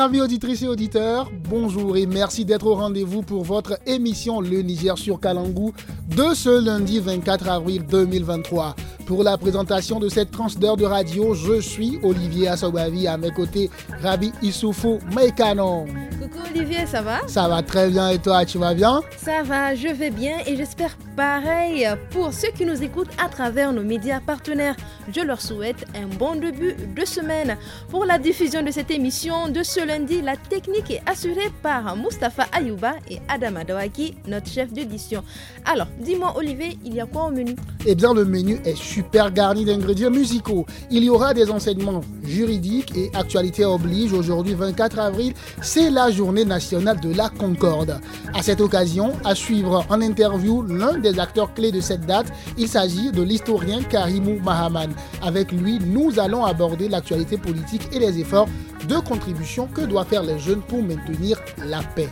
Chers amis auditrices et auditeurs, bonjour et merci d'être au rendez-vous pour votre émission Le Niger sur Kalangou de ce lundi 24 avril 2023. Pour la présentation de cette transe d'heure de radio, je suis Olivier Assobavi, à mes côtés Rabi Issoufou Meikano. Coucou Olivier, ça va Ça va très bien et toi, tu vas bien Ça va, je vais bien et j'espère pareil pour ceux qui nous écoutent à travers nos médias partenaires. Je leur souhaite un bon début de semaine. Pour la diffusion de cette émission de ce lundi, la technique est assurée par Mustapha Ayouba et Adam Adawaki, notre chef d'édition. Alors, dis-moi Olivier, il y a quoi au menu Eh bien, le menu est super garni d'ingrédients musicaux. Il y aura des enseignements juridiques et actualité oblige. Aujourd'hui, 24 avril, c'est la journée nationale de la Concorde. À cette occasion, à suivre en interview l'un des acteurs clés de cette date, il s'agit de l'historien Karimou Mahaman. Avec lui, nous allons aborder l'actualité politique et les efforts de contribution que doivent faire les jeunes pour maintenir la paix.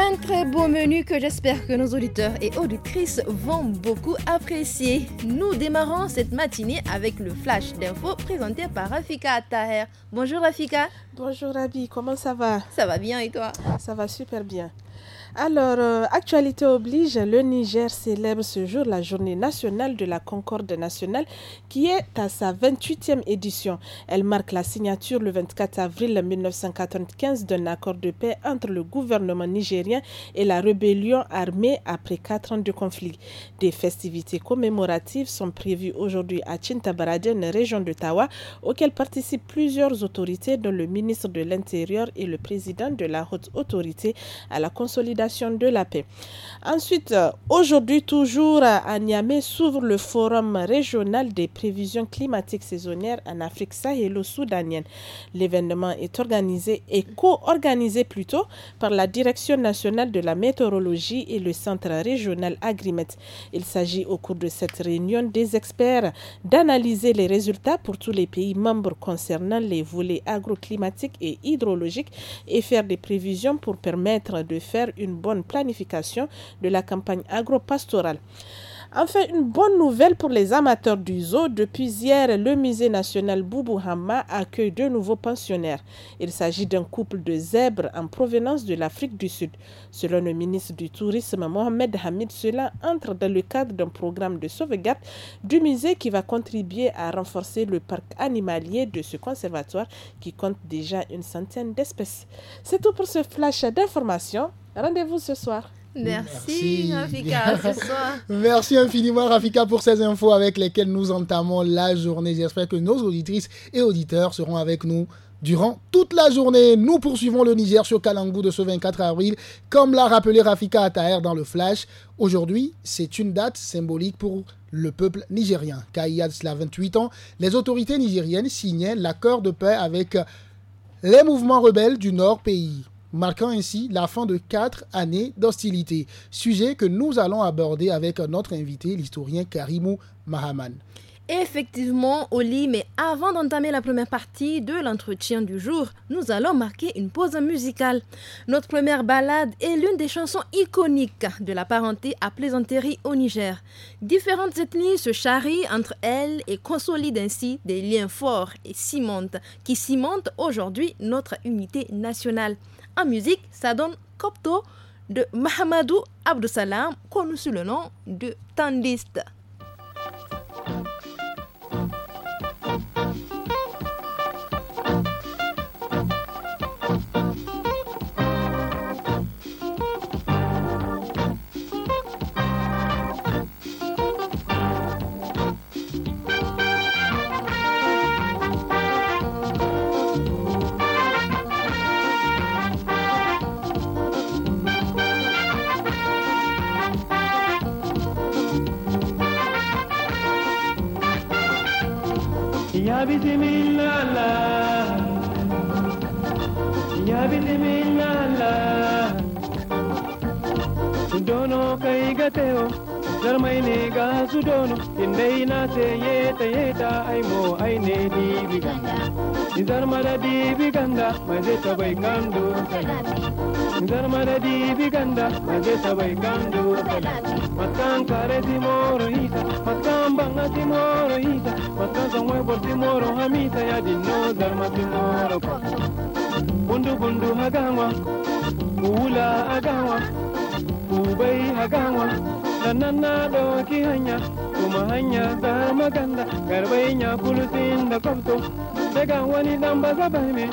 Un très beau menu que j'espère que nos auditeurs et auditrices vont beaucoup apprécier. Nous démarrons cette matinée avec le flash d'info présenté par Rafika Taher. Bonjour Rafika. Bonjour Rabi, comment ça va Ça va bien et toi Ça va super bien. Alors, euh, actualité oblige, le Niger célèbre ce jour la journée nationale de la concorde nationale qui est à sa 28e édition. Elle marque la signature le 24 avril 1995 d'un accord de paix entre le gouvernement nigérien et la rébellion armée après quatre ans de conflit. Des festivités commémoratives sont prévues aujourd'hui à Chintabaraden, région d'Ottawa, auxquelles participent plusieurs autorités dont le ministre de l'Intérieur et le président de la haute autorité à la consolidation de la paix. Ensuite, aujourd'hui toujours à Niamey s'ouvre le forum régional des prévisions climatiques saisonnières en Afrique sahélo-soudanienne. L'événement est organisé et co-organisé plutôt par la Direction nationale de la météorologie et le Centre régional Agrimet. Il s'agit au cours de cette réunion des experts d'analyser les résultats pour tous les pays membres concernant les volets agroclimatiques et hydrologiques et faire des prévisions pour permettre de faire une bonne planification de la campagne agro-pastorale. Enfin, une bonne nouvelle pour les amateurs du zoo. Depuis hier, le musée national Boubouhama accueille deux nouveaux pensionnaires. Il s'agit d'un couple de zèbres en provenance de l'Afrique du Sud. Selon le ministre du Tourisme, Mohamed Hamid, cela entre dans le cadre d'un programme de sauvegarde du musée qui va contribuer à renforcer le parc animalier de ce conservatoire qui compte déjà une centaine d'espèces. C'est tout pour ce flash d'informations. Rendez-vous ce soir. Merci, Rafika, ce soir. Merci infiniment Rafika pour ces infos avec lesquelles nous entamons la journée. J'espère que nos auditrices et auditeurs seront avec nous Durant toute la journée, nous poursuivons le Niger sur Kalangou de ce 24 avril. Comme l'a rappelé Rafika Ataher dans le Flash, aujourd'hui, c'est une date symbolique pour le peuple nigérien. Car il a cela 28 ans, les autorités nigériennes signaient l'accord de paix avec les mouvements rebelles du Nord pays marquant ainsi la fin de quatre années d'hostilité, sujet que nous allons aborder avec notre invité, l'historien Karimou Mahaman. Effectivement, Oli, mais avant d'entamer la première partie de l'entretien du jour, nous allons marquer une pause musicale. Notre première balade est l'une des chansons iconiques de la parenté à plaisanterie au Niger. Différentes ethnies se charrient entre elles et consolident ainsi des liens forts et cimentent, qui cimentent aujourd'hui notre unité nationale en musique, ça donne Copto de Mahamadou Abdussalam, connu sous le nom de Tandiste. يا بسم الله يا بسم الله dono kai gateo zarmai ne ga su dono indai na se yeta yeta ai mo ai ne di biganda ni zarmara di biganda mai zai tabai kandu kalami Ngarmana dibi ganda, nagesabay kandu kalati. Matang kare di moro hita, matang banga di moro hita, matang sangwe bol di moro hamita ya di no dharma di moro koto. Bundu bundu hagawa, ula agawa, ubay hagawa, nanana do ki hanya, kuma hanya dharma ganda, garbai nya kulutin da kwabto. Daga wani dan baza bahime,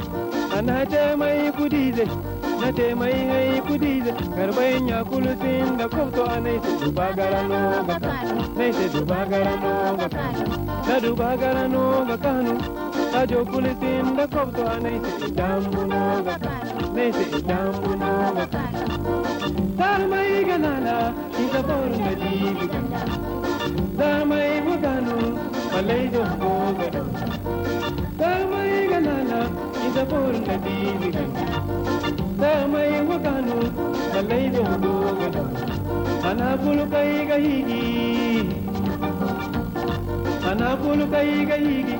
ana ce mai kudi na te mai hai kudiza garbai nya kulusin da kofto anai se duba garano ga kanu nai se duba garano ga kanu na duba garano ga kanu na jo kulusin da kofto anai se damuno ga kanu nai se damuno ga kanu tar mai ganala ita forun da jibi ganda tar mai bugano malai jo ko gada tar mai ganala ita forun da jibi ganda mai wakano balai d o d o gado ana bulu kai gahigi ana bulu kai gahigi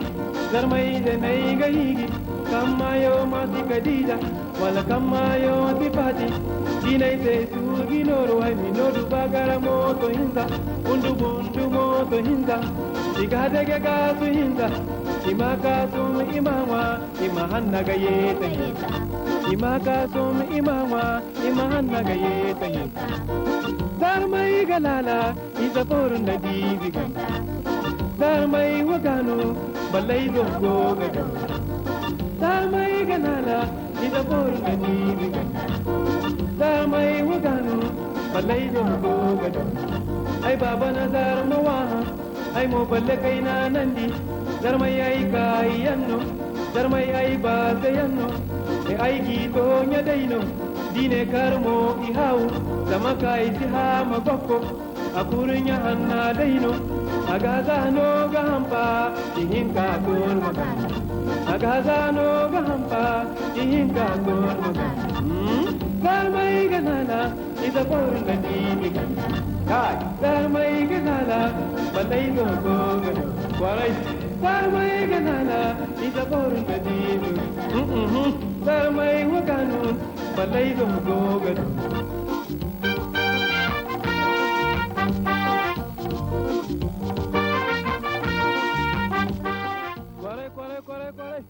zarmai de nai gahigi kamayo mati kadija wala kamayo a ti pati dinai te sugi noru ai minoru bagara moto hinda undu bundu moto hinda i g a d e g a ga su hinda imaka su imawa imahanna g a y e t e hinda ima ka som ima wa ima hanna ga ye tayi dar mai galala ida porun da divi ga dar mai wagano balai do go ga dar mai galala ida porun da divi ga dar mai wagano balai do go ga ai baba na dar mawa ai mo balle kai na nandi dar mai ai kai yanno dar mai ai ba ga yanno e aygiiɗo nyadayno diine karmo i haw zama kayti haa ma gokko a ɓurnya hannaadayno aga ga zanoga hampa ihinka toon maga aga ga zanoga hampa ihinka toon maga zarmaiga nala ida di na ɓorna diiniga kai go nala ballayno gogano waray zarmaiga nala ida ɓorna diiniga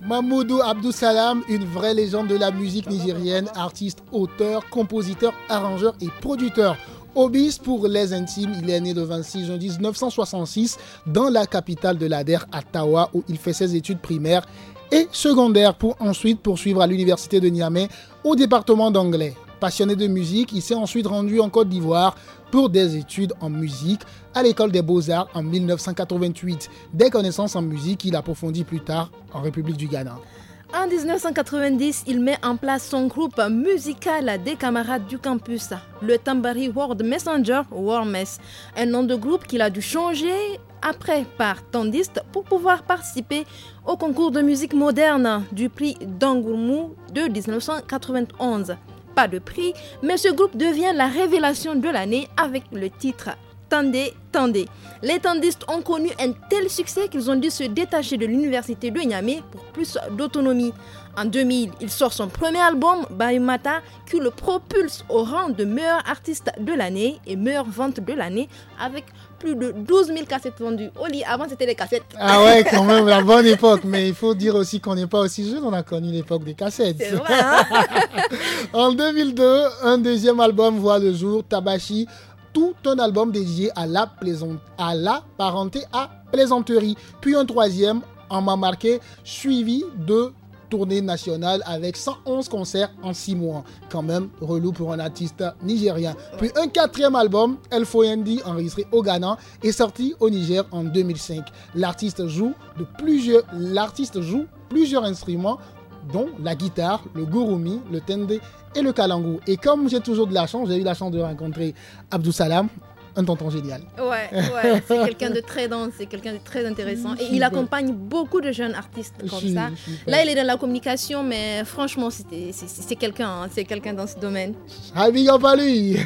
Mamoudou Abdou Salam, une vraie légende de la musique nigérienne, artiste, auteur, compositeur, arrangeur et producteur. Obis pour les intimes, il est né le 26 janvier 1966 dans la capitale de l'Ader, Tawa, où il fait ses études primaires et secondaire pour ensuite poursuivre à l'université de Niamey au département d'anglais. Passionné de musique, il s'est ensuite rendu en Côte d'Ivoire pour des études en musique à l'école des beaux-arts en 1988. Des connaissances en musique qu'il approfondit plus tard en République du Ghana. En 1990, il met en place son groupe musical des camarades du campus, le Tambari World Messenger, Warmess, un nom de groupe qu'il a dû changer après par Tandiste pour pouvoir participer au concours de musique moderne du prix Dangumu de 1991. Pas de prix, mais ce groupe devient la révélation de l'année avec le titre Tandé Tandé. Les Tandistes ont connu un tel succès qu'ils ont dû se détacher de l'université de Niamey pour plus d'autonomie. En 2000, il sort son premier album, Bayumata, qui le propulse au rang de meilleur artiste de l'année et meilleure vente de l'année avec de 12 000 cassettes vendues. au lit, avant c'était des cassettes. Ah ouais, quand même, la bonne époque. Mais il faut dire aussi qu'on n'est pas aussi jeune, on a connu l'époque des cassettes. Vrai, hein. en 2002, un deuxième album voit le jour, Tabashi tout un album dédié à la, plaisante, à la parenté à plaisanterie. Puis un troisième en m'a marqué, suivi de tournée nationale avec 111 concerts en 6 mois. Quand même relou pour un artiste nigérien. Puis un quatrième album, El Foyendi, enregistré au Ghana est sorti au Niger en 2005. L'artiste joue de plusieurs, l'artiste joue plusieurs instruments dont la guitare, le gurumi, le tende et le kalangu. Et comme j'ai toujours de la chance, j'ai eu la chance de rencontrer Abdou Salam, un tonton génial. Ouais, c'est quelqu'un de très dense, c'est quelqu'un de très intéressant. Et il accompagne beaucoup de jeunes artistes comme ça. Là, il est dans la communication, mais franchement, c'est quelqu'un, hein, c'est dans ce domaine. Ah, big lui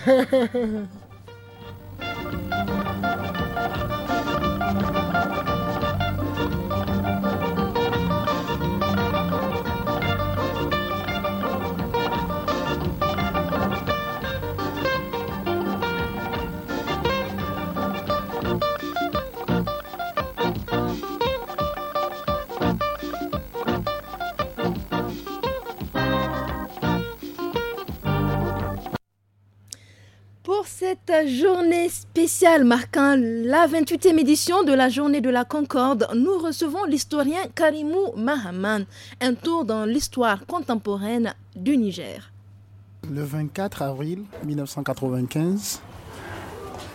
cette journée spéciale marquant la 28e édition de la Journée de la Concorde, nous recevons l'historien Karimou Mahaman, un tour dans l'histoire contemporaine du Niger. Le 24 avril 1995,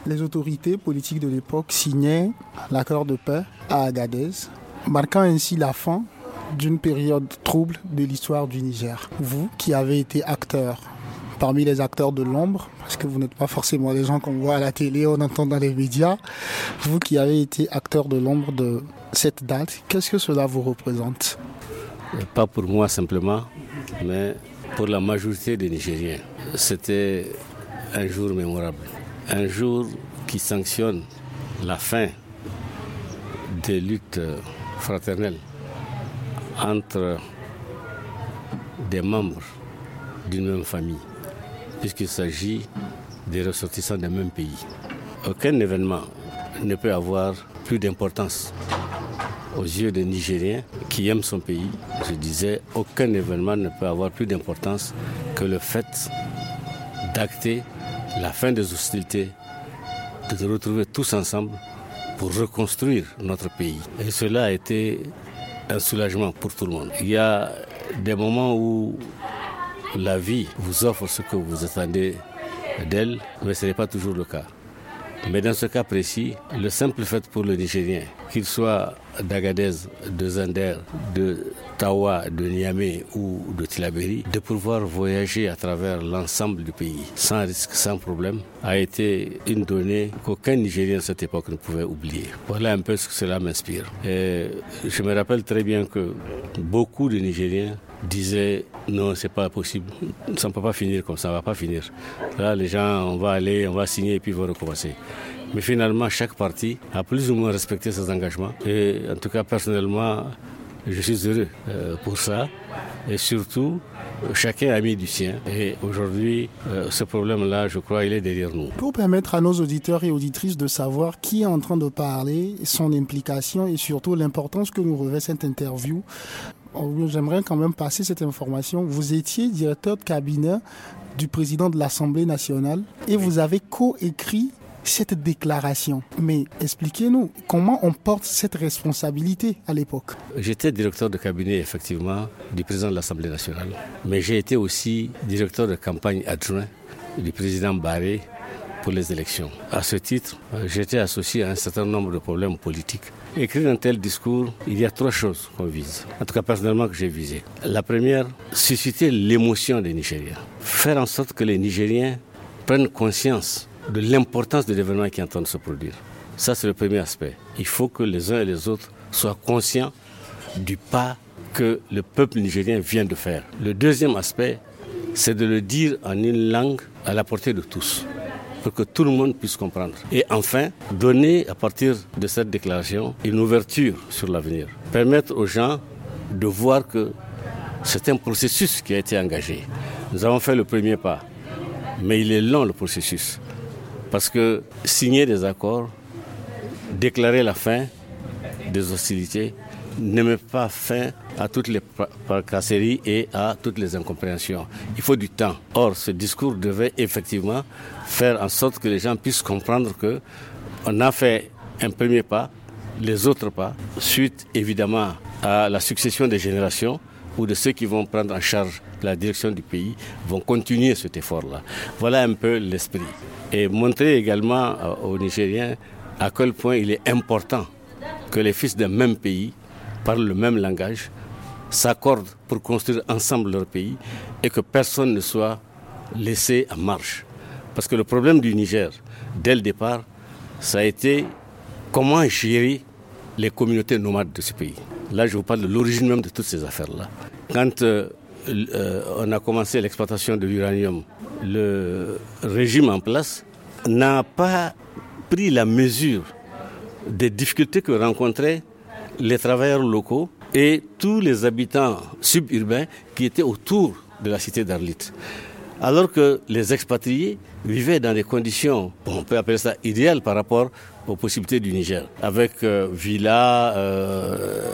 les autorités politiques de l'époque signaient l'accord de paix à Agadez, marquant ainsi la fin d'une période trouble de l'histoire du Niger. Vous qui avez été acteur parmi les acteurs de l'ombre, parce que vous n'êtes pas forcément les gens qu'on voit à la télé, on entend dans les médias. Vous qui avez été acteur de l'ombre de cette date, qu'est-ce que cela vous représente euh, Pas pour moi simplement, mais pour la majorité des Nigériens. C'était un jour mémorable, un jour qui sanctionne la fin des luttes euh, fraternelles entre des membres d'une même famille puisqu'il s'agit des ressortissants d'un même pays. Aucun événement ne peut avoir plus d'importance aux yeux des Nigériens qui aiment son pays. Je disais, aucun événement ne peut avoir plus d'importance que le fait d'acter la fin des hostilités, de se retrouver tous ensemble pour reconstruire notre pays. Et cela a été un soulagement pour tout le monde. Il y a des moments où la vie vous offre ce que vous attendez d'elle, mais ce n'est pas toujours le cas. Mais dans ce cas précis, le simple fait pour le Nigérien, qu'il soit d'Agadez, de Zander, de Tawa, de Niamey ou de Tilaberi, de pouvoir voyager à travers l'ensemble du pays sans risque, sans problème, a été une donnée qu'aucun Nigérien à cette époque ne pouvait oublier. Voilà un peu ce que cela m'inspire. Et je me rappelle très bien que beaucoup de Nigériens disait non, c'est pas possible, ça ne peut pas finir comme ça, ça ne va pas finir. Là, les gens, on va aller, on va signer et puis ils vont recommencer. Mais finalement, chaque parti a plus ou moins respecté ses engagements. Et en tout cas, personnellement, je suis heureux euh, pour ça. Et surtout, chacun a mis du sien. Et aujourd'hui, euh, ce problème-là, je crois, il est derrière nous. Pour permettre à nos auditeurs et auditrices de savoir qui est en train de parler, son implication et surtout l'importance que nous revêt cette interview, Oh, j'aimerais quand même passer cette information. Vous étiez directeur de cabinet du président de l'Assemblée nationale et vous avez coécrit cette déclaration. Mais expliquez-nous comment on porte cette responsabilité à l'époque. J'étais directeur de cabinet, effectivement, du président de l'Assemblée nationale. Mais j'ai été aussi directeur de campagne adjoint du président Barré pour les élections. À ce titre, euh, j'étais associé à un certain nombre de problèmes politiques. Écrire un tel discours, il y a trois choses qu'on vise, en tout cas personnellement que j'ai visé. La première, susciter l'émotion des Nigériens, faire en sorte que les Nigériens prennent conscience de l'importance de l'événement qui est en train de se produire. Ça, c'est le premier aspect. Il faut que les uns et les autres soient conscients du pas que le peuple nigérien vient de faire. Le deuxième aspect, c'est de le dire en une langue à la portée de tous pour que tout le monde puisse comprendre. Et enfin, donner à partir de cette déclaration une ouverture sur l'avenir. Permettre aux gens de voir que c'est un processus qui a été engagé. Nous avons fait le premier pas, mais il est long le processus. Parce que signer des accords, déclarer la fin des hostilités, ne met pas fin à toutes les parcasseries et à toutes les incompréhensions. Il faut du temps. Or, ce discours devait effectivement faire en sorte que les gens puissent comprendre que on a fait un premier pas, les autres pas, suite évidemment à la succession des générations ou de ceux qui vont prendre en charge la direction du pays vont continuer cet effort-là. Voilà un peu l'esprit. Et montrer également euh, aux Nigériens à quel point il est important que les fils d'un même pays parlent le même langage, s'accordent pour construire ensemble leur pays et que personne ne soit laissé à marche. Parce que le problème du Niger, dès le départ, ça a été comment gérer les communautés nomades de ce pays. Là, je vous parle de l'origine même de toutes ces affaires-là. Quand euh, euh, on a commencé l'exploitation de l'uranium, le régime en place n'a pas pris la mesure des difficultés que rencontraient les travailleurs locaux et tous les habitants suburbains qui étaient autour de la cité d'Arlit. Alors que les expatriés vivaient dans des conditions, on peut appeler ça idéales par rapport aux possibilités du Niger, avec euh, villas, villa, euh,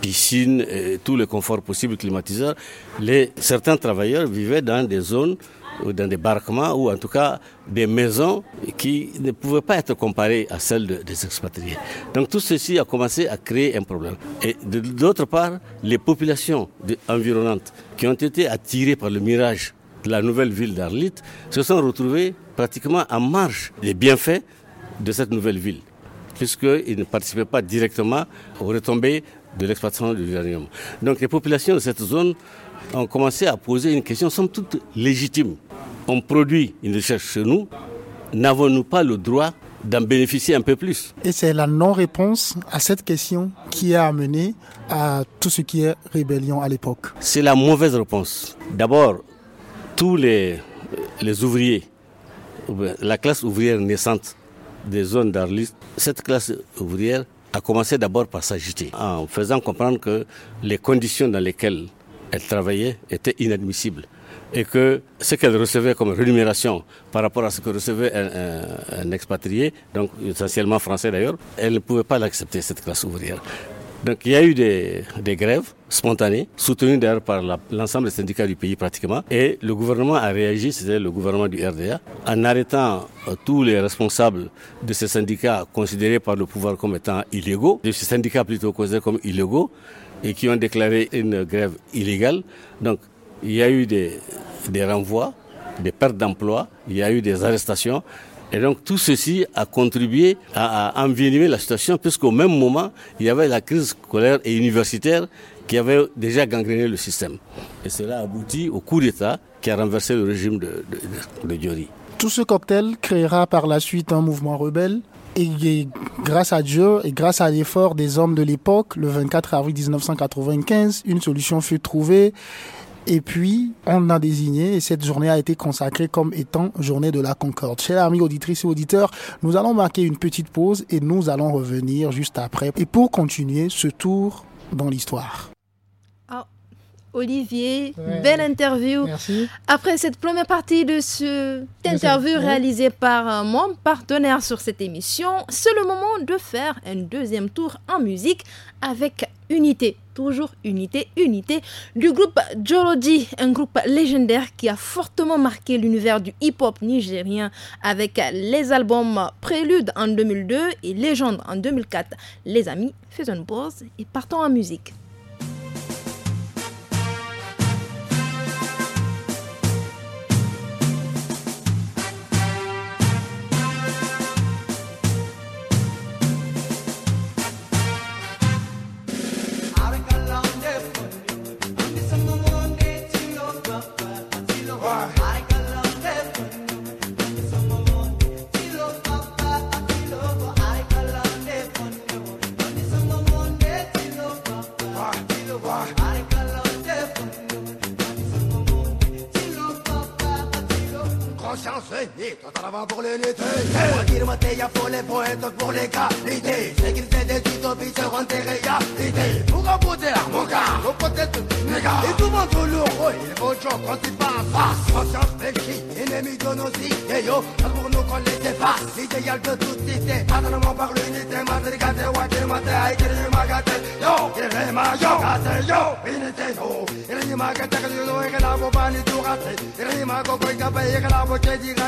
piscine et tous les conforts possibles climatiseurs les, certains travailleurs vivaient dans des zones ou dans des barquements, ou en tout cas des maisons qui ne pouvaient pas être comparées à celles des expatriés. Donc tout ceci a commencé à créer un problème. Et d'autre part, les populations environnantes qui ont été attirées par le mirage de la nouvelle ville d'Arlit se sont retrouvées pratiquement à marge des bienfaits de cette nouvelle ville, puisqu'ils ne participaient pas directement aux retombées de l'exploitation du l'uranium. Donc les populations de cette zone ont commencé à poser une question somme toute légitime on produit une recherche chez nous, n'avons-nous pas le droit d'en bénéficier un peu plus. Et c'est la non-réponse à cette question qui a amené à tout ce qui est rébellion à l'époque. C'est la mauvaise réponse. D'abord, tous les, les ouvriers, la classe ouvrière naissante des zones d'Arlis, cette classe ouvrière a commencé d'abord par s'agiter en faisant comprendre que les conditions dans lesquelles elle travaillait étaient inadmissibles et que ce qu'elle recevait comme rémunération par rapport à ce que recevait un, un, expatrié, donc essentiellement français d'ailleurs, elle ne pouvait pas l'accepter, cette classe ouvrière. Donc il y a eu des, des grèves spontanées, soutenues d'ailleurs par l'ensemble des syndicats du pays pratiquement, et le gouvernement a réagi, c'était le gouvernement du RDA, en arrêtant euh, tous les responsables de ces syndicats considérés par le pouvoir comme étant illégaux, de ces syndicats plutôt causés comme illégaux, et qui ont déclaré une grève illégale. Donc il y a eu des, des renvois, des pertes d'emplois, il y a eu des arrestations. Et donc tout ceci a contribué à, à envenimer la situation puisqu'au même moment, il y avait la crise scolaire et universitaire qui avait déjà gangréné le système. Et cela aboutit au coup d'État qui a renversé le régime de, de, de Diori. Tout ce cocktail créera par la suite un mouvement rebelle et, grâce à Dieu et grâce à l'effort des hommes de l'époque, le 24 avril 1995, une solution fut trouvée et puis, on a désigné et cette journée a été consacrée comme étant journée de la Concorde. Chers amis auditrices et auditeurs, nous allons marquer une petite pause et nous allons revenir juste après. Et pour continuer ce tour dans l'histoire. Ah, Olivier. Belle interview. Merci. Après cette première partie de cette interview réalisée par euh, mon partenaire sur cette émission, c'est le moment de faire un deuxième tour en musique avec Unité toujours Unité, Unité du groupe Jolodi, un groupe légendaire qui a fortement marqué l'univers du hip-hop nigérien avec les albums Prélude en 2002 et Légende en 2004. Les amis, faisons une pause et partons en musique. hey, toi t'en pour l'unité ya pour les poètes, pour les gars L'idée, c'est qu'il fait des utopies Pour mon gars, nos potes gars Et tout monde tout lourd, il bon jour quand il passe Conscience ennemi de nos idées Yo, pour nous qu'on les efface L'idéal de toute cité, par l'unité Madrigate, magate Yo, ma yo, yo, unité yo yo, que la tu Il Et la la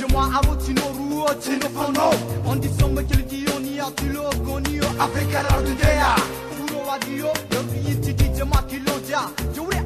Jumwa avo tino ruo tino pono Ondi somme kel diyo ni atilo goniyo Ape karar dünya Uro adiyo Yoru yiti di cema kiloca Jure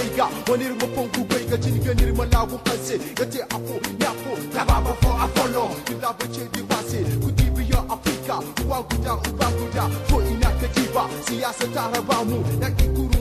ya wani rumafan gubai ga jirgin nirma lagun kanse ya ce afo ya fo ta ba ba fo a folo kila ba ce di ba se ku dibiya afirka uwa guda uba guda ko ina ka ji ba siyasa ta raba mu na kikuru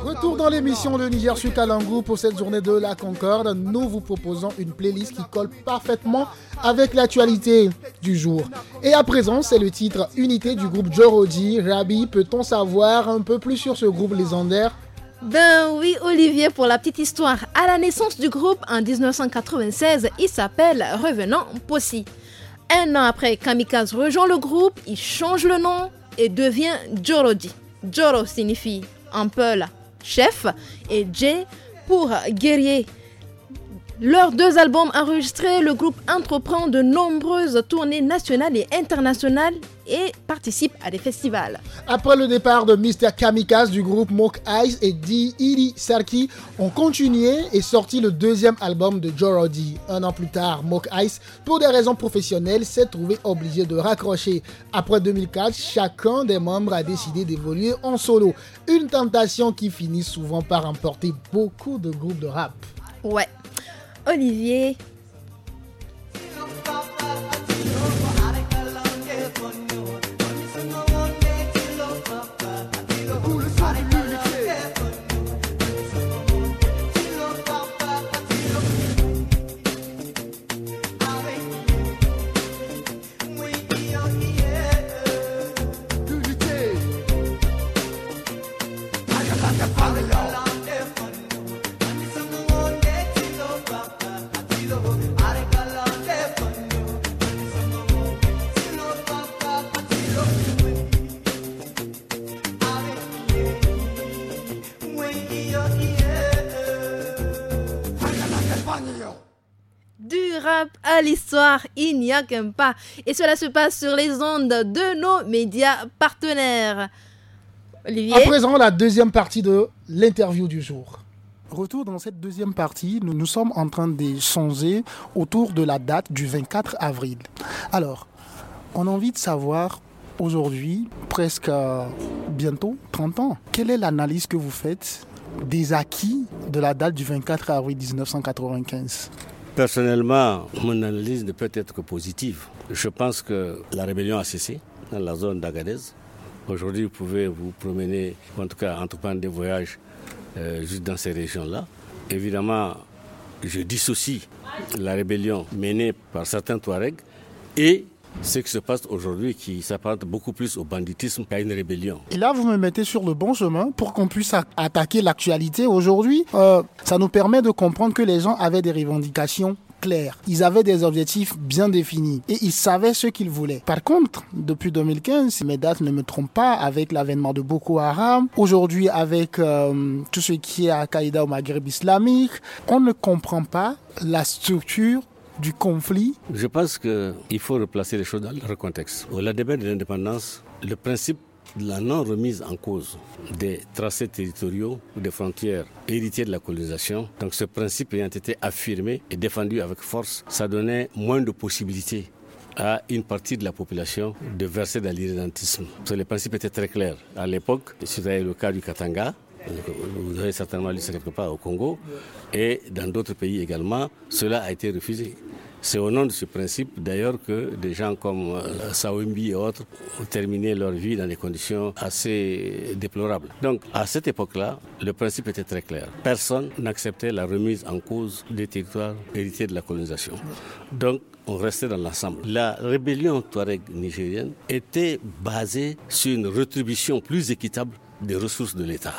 Retour dans l'émission de Niger Suite à pour cette journée de la Concorde. Nous vous proposons une playlist qui colle parfaitement avec l'actualité du jour. Et à présent, c'est le titre Unité du groupe Jorodi. Rabi, peut-on savoir un peu plus sur ce groupe légendaire ben oui, Olivier, pour la petite histoire, à la naissance du groupe en 1996, il s'appelle Revenant Possi. Un an après, Kamikaze rejoint le groupe, il change le nom et devient Jorodi. Joro signifie un peu chef et J pour guerrier. Leurs deux albums enregistrés, le groupe entreprend de nombreuses tournées nationales et internationales et participe à des festivals. Après le départ de Mr. Kamikaze du groupe Mock Ice et Iri Sarki ont continué et sorti le deuxième album de Joe Roddy. Un an plus tard, Mock Ice, pour des raisons professionnelles, s'est trouvé obligé de raccrocher. Après 2004, chacun des membres a décidé d'évoluer en solo. Une tentation qui finit souvent par emporter beaucoup de groupes de rap. Ouais. Olivier l'histoire, il n'y a qu'un pas. Et cela se passe sur les ondes de nos médias partenaires. Olivier. À présent, la deuxième partie de l'interview du jour. Retour dans cette deuxième partie, nous, nous sommes en train d'échanger autour de la date du 24 avril. Alors, on a envie de savoir aujourd'hui, presque euh, bientôt 30 ans, quelle est l'analyse que vous faites des acquis de la date du 24 avril 1995 Personnellement, mon analyse ne peut être que positive. Je pense que la rébellion a cessé dans la zone d'Agadez. Aujourd'hui, vous pouvez vous promener, en tout cas entreprendre des voyages euh, juste dans ces régions-là. Évidemment, je dissocie la rébellion menée par certains Touaregs et ce qui se passe aujourd'hui qui s'apparente beaucoup plus au banditisme qu'à une rébellion. Et là, vous me mettez sur le bon chemin pour qu'on puisse attaquer l'actualité aujourd'hui. Euh, ça nous permet de comprendre que les gens avaient des revendications claires. Ils avaient des objectifs bien définis et ils savaient ce qu'ils voulaient. Par contre, depuis 2015, si mes dates ne me trompent pas, avec l'avènement de Boko Haram, aujourd'hui avec euh, tout ce qui est Al-Qaïda au Maghreb islamique, on ne comprend pas la structure du conflit Je pense qu'il faut replacer les choses dans leur contexte. Au début de l'indépendance, le principe de la non-remise en cause des tracés territoriaux ou des frontières héritiers de la colonisation. Donc ce principe ayant été affirmé et défendu avec force, ça donnait moins de possibilités à une partie de la population de verser dans l'irrédentisme. Parce principe les très clairs. À l'époque, c'était le cas du Katanga, vous avez certainement lu ça quelque part au Congo et dans d'autres pays également. Cela a été refusé. C'est au nom de ce principe, d'ailleurs, que des gens comme euh, Sawembi et autres ont terminé leur vie dans des conditions assez déplorables. Donc, à cette époque-là, le principe était très clair. Personne n'acceptait la remise en cause des territoires hérités de la colonisation. Donc, on restait dans l'ensemble. La rébellion touareg nigérienne était basée sur une rétribution plus équitable des ressources de l'État.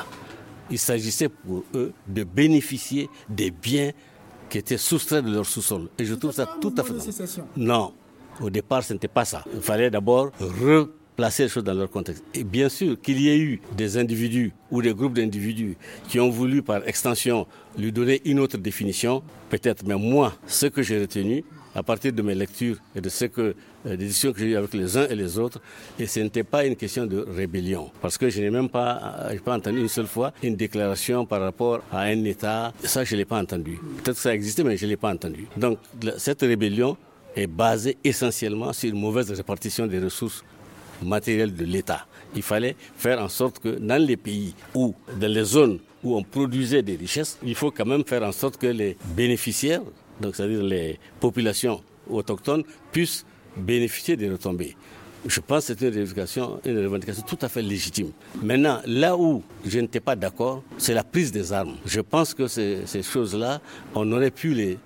Il s'agissait pour eux de bénéficier des biens qui étaient soustraits de leur sous-sol. Et je trouve ça tout à fait Non, au départ, ce n'était pas ça. Il fallait d'abord replacer les choses dans leur contexte. Et bien sûr qu'il y ait eu des individus ou des groupes d'individus qui ont voulu, par extension, lui donner une autre définition, peut-être, mais moi, ce que j'ai retenu, à partir de mes lectures et de ce que euh, des discussions que j'ai eues avec les uns et les autres. Et ce n'était pas une question de rébellion. Parce que je n'ai même pas, euh, pas entendu une seule fois une déclaration par rapport à un État. Ça, je ne l'ai pas entendu. Peut-être que ça existait, mais je ne l'ai pas entendu. Donc, cette rébellion est basée essentiellement sur une mauvaise répartition des ressources matérielles de l'État. Il fallait faire en sorte que dans les pays ou dans les zones où on produisait des richesses, il faut quand même faire en sorte que les bénéficiaires, donc c'est-à-dire les populations autochtones, puissent bénéficier des retombées. Je pense que c'est une revendication, tout à fait légitime. Maintenant, là où je n'étais pas d'accord, c'est la prise des armes. Je pense que ces, choses-là, on aurait pu les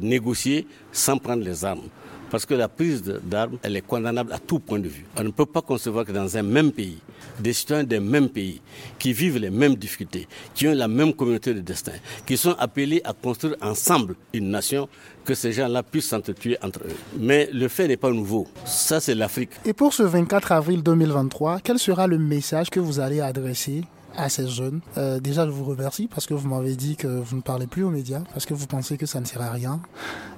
négocier sans prendre les armes. Parce que la prise d'armes, elle est condamnable à tout point de vue. On ne peut pas concevoir que dans un même pays, des citoyens des mêmes pays, qui vivent les mêmes difficultés, qui ont la même communauté de destin, qui sont appelés à construire ensemble une nation, que ces gens-là puissent s'entretuer entre eux. Mais le fait n'est pas nouveau. Ça, c'est l'Afrique. Et pour ce 24 avril 2023, quel sera le message que vous allez adresser à ces jeunes. Euh, déjà, je vous remercie parce que vous m'avez dit que vous ne parlez plus aux médias, parce que vous pensez que ça ne sert à rien.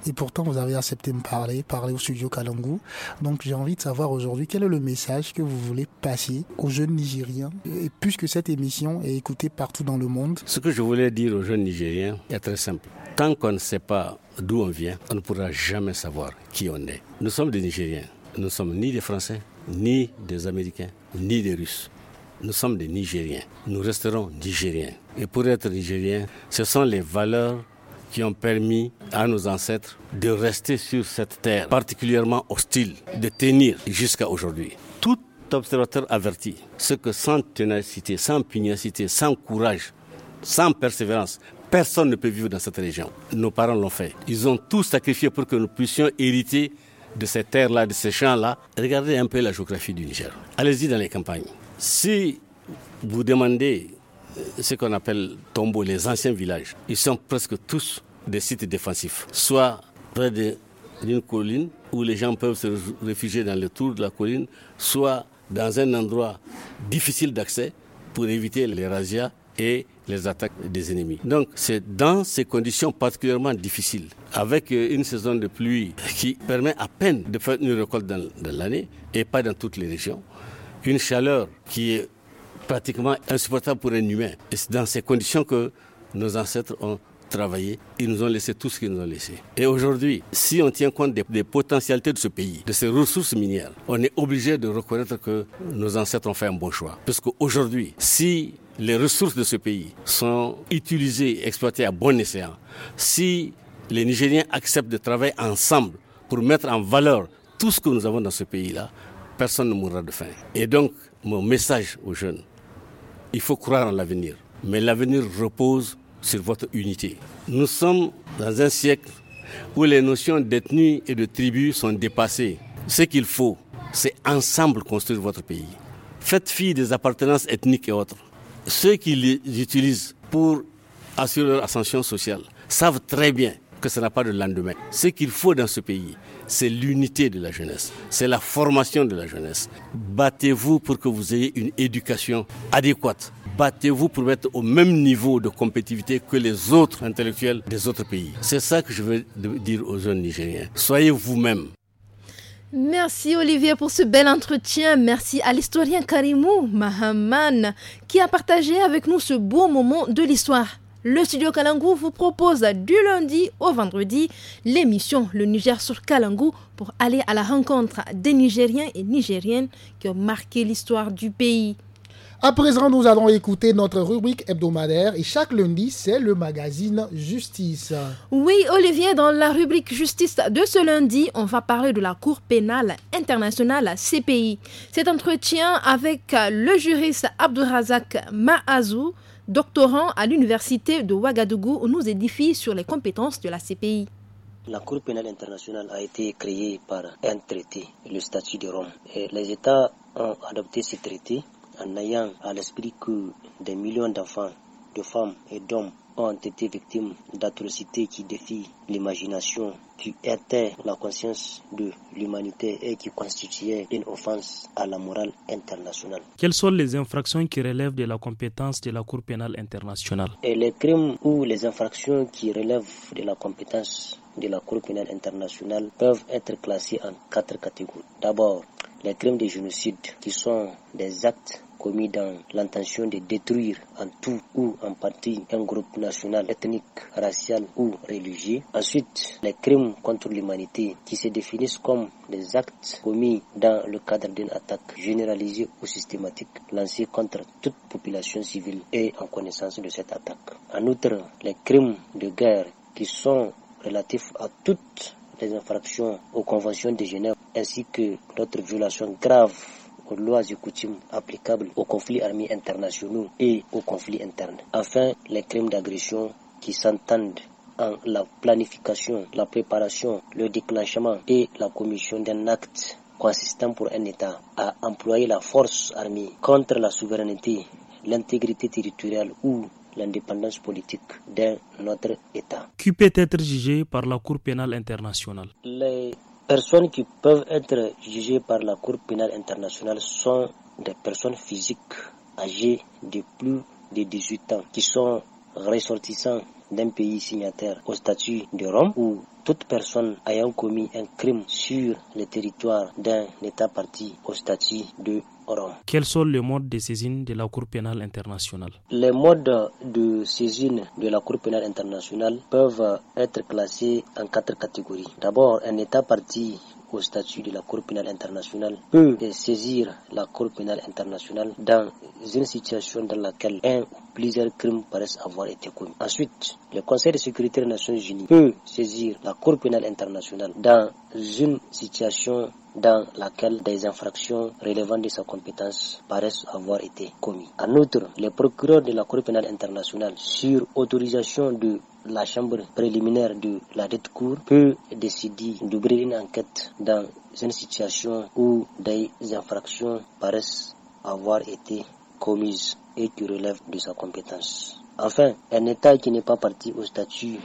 Et pourtant, vous avez accepté de me parler, parler au studio Kalangu. Donc, j'ai envie de savoir aujourd'hui quel est le message que vous voulez passer aux jeunes Nigériens, et puisque cette émission est écoutée partout dans le monde. Ce que je voulais dire aux jeunes Nigériens est très simple. Tant qu'on ne sait pas d'où on vient, on ne pourra jamais savoir qui on est. Nous sommes des Nigériens. Nous ne sommes ni des Français, ni des Américains, ni des Russes. Nous sommes des Nigériens. Nous resterons Nigériens. Et pour être Nigériens, ce sont les valeurs qui ont permis à nos ancêtres de rester sur cette terre particulièrement hostile, de tenir jusqu'à aujourd'hui. Tout observateur averti, ce que sans ténacité, sans pugnacité, sans courage, sans persévérance, personne ne peut vivre dans cette région. Nos parents l'ont fait. Ils ont tout sacrifié pour que nous puissions hériter de cette terre là de ces champs-là. Regardez un peu la géographie du Niger. Allez-y dans les campagnes. Si vous demandez euh, ce qu'on appelle tombeau les anciens villages, ils sont presque tous des sites défensifs, soit près d'une colline où les gens peuvent se réfugier dans le tour de la colline, soit dans un endroit difficile d'accès pour éviter les razzias et les attaques des ennemis. Donc c'est dans ces conditions particulièrement difficiles, avec euh, une saison de pluie qui permet à peine de faire une récolte dans l'année et pas dans toutes les régions une chaleur qui est pratiquement insupportable pour un humain. Et c'est dans ces conditions que nos ancêtres ont travaillé. Ils nous ont laissé tout ce qu'ils nous ont laissé. Et aujourd'hui, si on tient compte des, potentialités de ce pays, de ses ressources minières, on est obligé de reconnaître que nos ancêtres ont fait un bon choix. Parce qu'aujourd'hui, si les ressources de ce pays sont utilisées exploitées à bon escient, si les Nigériens acceptent de travailler ensemble pour mettre en valeur tout ce que nous avons dans ce pays-là, personne ne mourra de faim. Et donc, mon message aux jeunes, il faut croire en l'avenir. Mais l'avenir repose sur votre unité. Nous sommes dans un siècle où les notions d'ethnie et de tribu sont dépassées. Ce qu'il faut, c'est ensemble construire votre pays. Faites fi des appartenances ethniques et autres. Ceux qui les utilisent pour assurer leur ascension sociale savent très bien que ce n'a pas de lendemain. Ce qu'il faut dans ce pays, c'est l'unité de la jeunesse, c'est la formation de la jeunesse. Battez-vous pour que vous ayez une éducation adéquate. Battez-vous pour être au même niveau de compétitivité que les autres intellectuels des autres pays. C'est ça que je veux dire aux jeunes Nigériens. Soyez vous-même. Merci Olivier pour ce bel entretien. Merci à l'historien Karimou Mahaman qui a partagé avec nous ce beau moment de l'histoire le studio Kalangu vous propose du lundi au vendredi l'émission Le Niger sur Kalangu pour aller à la rencontre des Nigériens et Nigériennes qui ont marqué l'histoire du pays. À présent, nous allons écouter notre rubrique hebdomadaire et chaque lundi, c'est le magazine Justice. Oui, Olivier, dans la rubrique Justice de ce lundi, on va parler de la Cour pénale internationale CPI. Cet entretien avec le juriste Abdourazak Maazou doctorant à l'université de Ouagadougou, nous édifie sur les compétences de la CPI. La Cour pénale internationale a été créée par un traité, le statut de Rome. Et les États ont adopté ce traité en ayant à l'esprit que des millions d'enfants de femmes et d'hommes ont été victimes d'atrocités qui défient l'imagination, qui éteignent la conscience de l'humanité et qui constituaient une offense à la morale internationale. Quelles sont les infractions qui relèvent de la compétence de la Cour pénale internationale et Les crimes ou les infractions qui relèvent de la compétence de la Cour pénale internationale peuvent être classés en quatre catégories. D'abord, les crimes de génocide qui sont des actes commis dans l'intention de détruire en tout ou en partie un groupe national, ethnique, racial ou religieux. Ensuite, les crimes contre l'humanité qui se définissent comme des actes commis dans le cadre d'une attaque généralisée ou systématique lancée contre toute population civile et en connaissance de cette attaque. En outre, les crimes de guerre qui sont relatifs à toutes les infractions aux conventions de Genève ainsi que d'autres violations graves lois et coutumes applicables aux conflits armés internationaux et aux conflits internes. Enfin, les crimes d'agression qui s'entendent en la planification, la préparation, le déclenchement et la commission d'un acte consistant pour un État à employer la force armée contre la souveraineté, l'intégrité territoriale ou l'indépendance politique d'un autre État. Qui peut être jugé par la Cour pénale internationale Les personnes qui peuvent être jugées par la Cour pénale internationale sont des personnes physiques âgées de plus de 18 ans qui sont ressortissants d'un pays signataire au statut de Rome ou toute personne ayant commis un crime sur le territoire d'un État parti au statut de quels sont les modes de saisine de la Cour pénale internationale Les modes de saisine de la Cour pénale internationale peuvent être classés en quatre catégories. D'abord, un État parti au statut de la Cour pénale internationale peut saisir la Cour pénale internationale dans une situation dans laquelle un ou plusieurs crimes paraissent avoir été commis. Ensuite, le Conseil de sécurité des Nations Unies peut saisir la Cour pénale internationale dans une situation dans laquelle des infractions relevant de sa compétence paraissent avoir été commises. En outre, les procureurs de la Cour pénale internationale, sur autorisation de la chambre préliminaire de la dette cour peut décider d'ouvrir une enquête dans une situation où des infractions paraissent avoir été commises et qui relèvent de sa compétence. Enfin, un État qui n'est pas parti au statut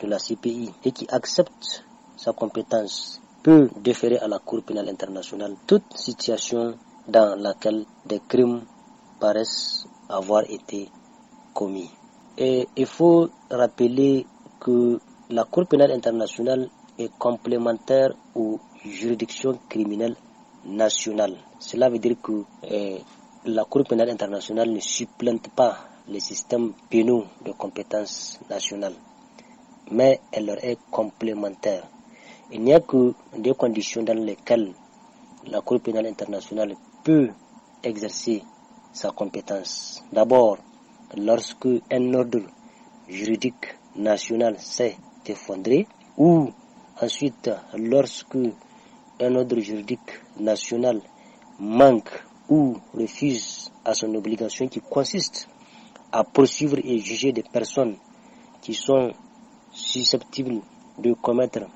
de la CPI et qui accepte sa compétence peut déférer à la Cour pénale internationale toute situation dans laquelle des crimes paraissent avoir été commis il faut rappeler que la Cour pénale internationale est complémentaire aux juridictions criminelles nationales. Cela veut dire que eh, la Cour pénale internationale ne supplante pas les systèmes pénaux de compétences nationales, mais elle leur est complémentaire. Il n'y a que deux conditions dans lesquelles la Cour pénale internationale peut exercer sa compétence. D'abord, lorsque un ordre juridique national s'est effondré ou ensuite lorsque un ordre juridique national manque ou refuse à son obligation qui consiste à poursuivre et juger des personnes qui sont susceptibles de commettre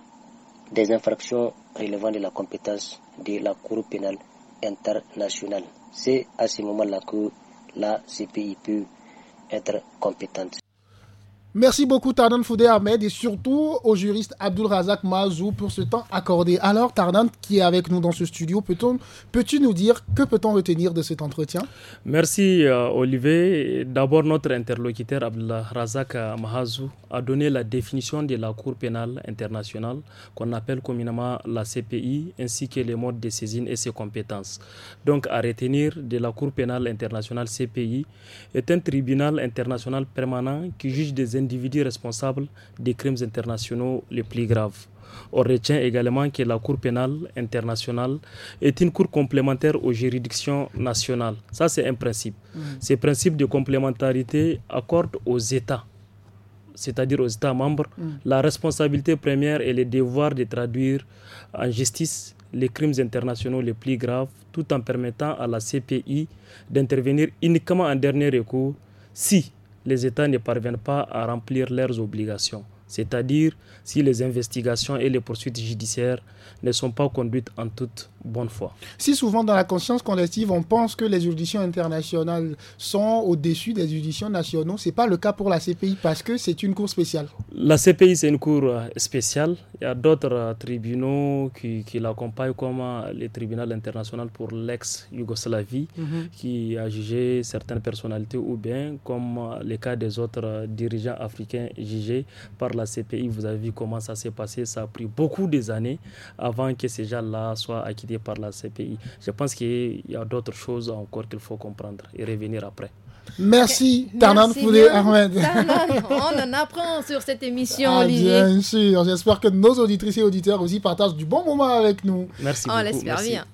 des infractions relevant de la compétence de la Cour pénale internationale. C'est à ce moment-là que la CPI peut entre competentes Merci beaucoup Tarnan Foudé Ahmed et surtout au juriste Abdul Razak Mahazou pour ce temps accordé. Alors Tarnan qui est avec nous dans ce studio, peut-on, peux-tu nous dire que peut-on retenir de cet entretien Merci euh, Olivier. D'abord notre interlocuteur Abdul Razak euh, Mahazou a donné la définition de la Cour pénale internationale qu'on appelle communément la CPI ainsi que les modes de saisine et ses compétences. Donc à retenir de la Cour pénale internationale CPI est un tribunal international permanent qui juge des individu responsable des crimes internationaux les plus graves. On retient également que la Cour pénale internationale est une cour complémentaire aux juridictions nationales. Ça, c'est un principe. Mm. Ces Ce principe de complémentarité accorde aux États, c'est-à-dire aux États membres, mm. la responsabilité première et le devoir de traduire en justice les crimes internationaux les plus graves, tout en permettant à la CPI d'intervenir uniquement en dernier recours si les États ne parviennent pas à remplir leurs obligations, c'est-à-dire si les investigations et les poursuites judiciaires ne sont pas conduites en toute bonne foi. Si souvent dans la conscience collective, on pense que les juridictions internationales sont au-dessus des juridictions nationales, ce n'est pas le cas pour la CPI parce que c'est une cour spéciale. La CPI, c'est une cour euh, spéciale. Il y a d'autres euh, tribunaux qui, l'accompagnent, comme euh, le tribunal international pour l'ex-Yougoslavie, mhm. qui a jugé certaines personnalités, ou bien comme le cas des autres dirigeants africains jugés par la CPI. Vous avez vu comment ça s'est passé. Ça a pris beaucoup d'années avant que ces gens-là soient acquittés par la CPI. Je pense qu'il y a d'autres choses encore qu'il faut comprendre et revenir après. Merci, Tarnan Foudé Ahmed. on en apprend sur cette émission, ah, Olivier. Bien sûr, j'espère que nos auditrices et auditeurs aussi partagent du bon moment avec nous. Merci on l'espère bien.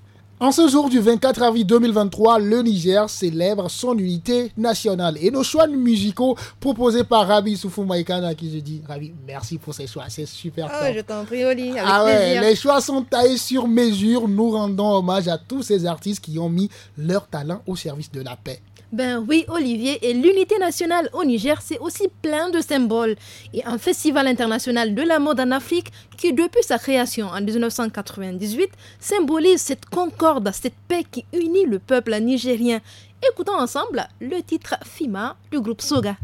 En ce jour du 24 avril 2023, le Niger célèbre son unité nationale. Et nos choix musicaux proposés par Rabi Soufou Maïkana, qui je dis, Rabi, merci pour ces choix, c'est super. Oh, je t'en prie, ah ouais, les choix sont taillés sur mesure. Nous rendons hommage à tous ces artistes qui ont mis leur talent au service de la paix. Ben oui, Olivier, et l'unité nationale au Niger, c'est aussi plein de symboles. Et un festival international de la mode en Afrique qui, depuis sa création en 1998, symbolise cette concorde, cette paix qui unit le peuple nigérien. Écoutons ensemble le titre FIMA du groupe Soga.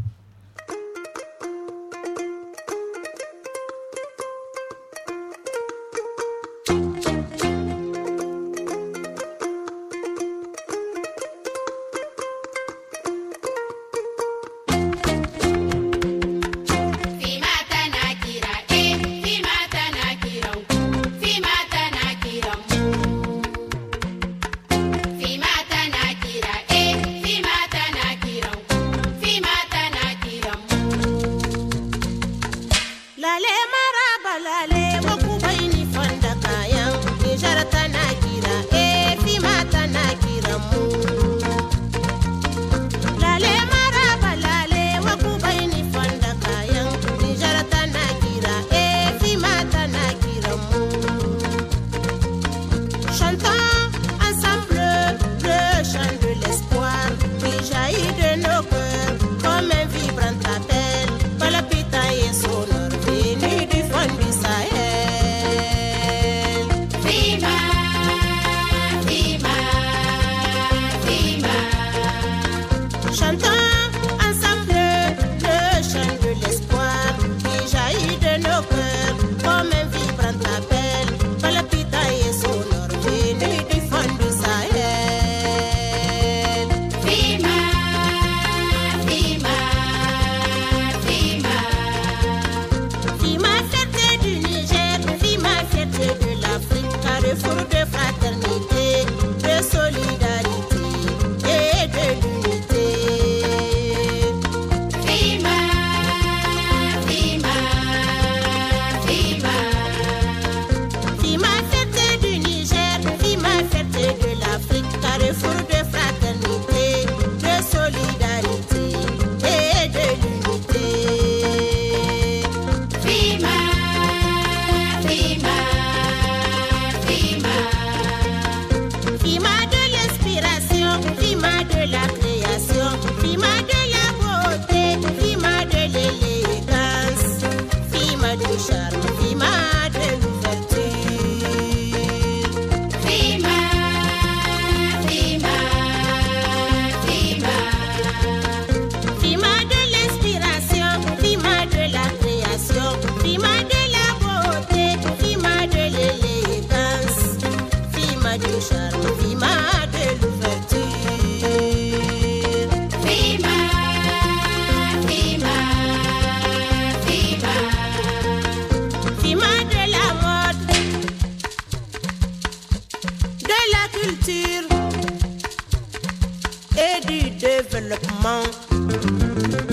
down.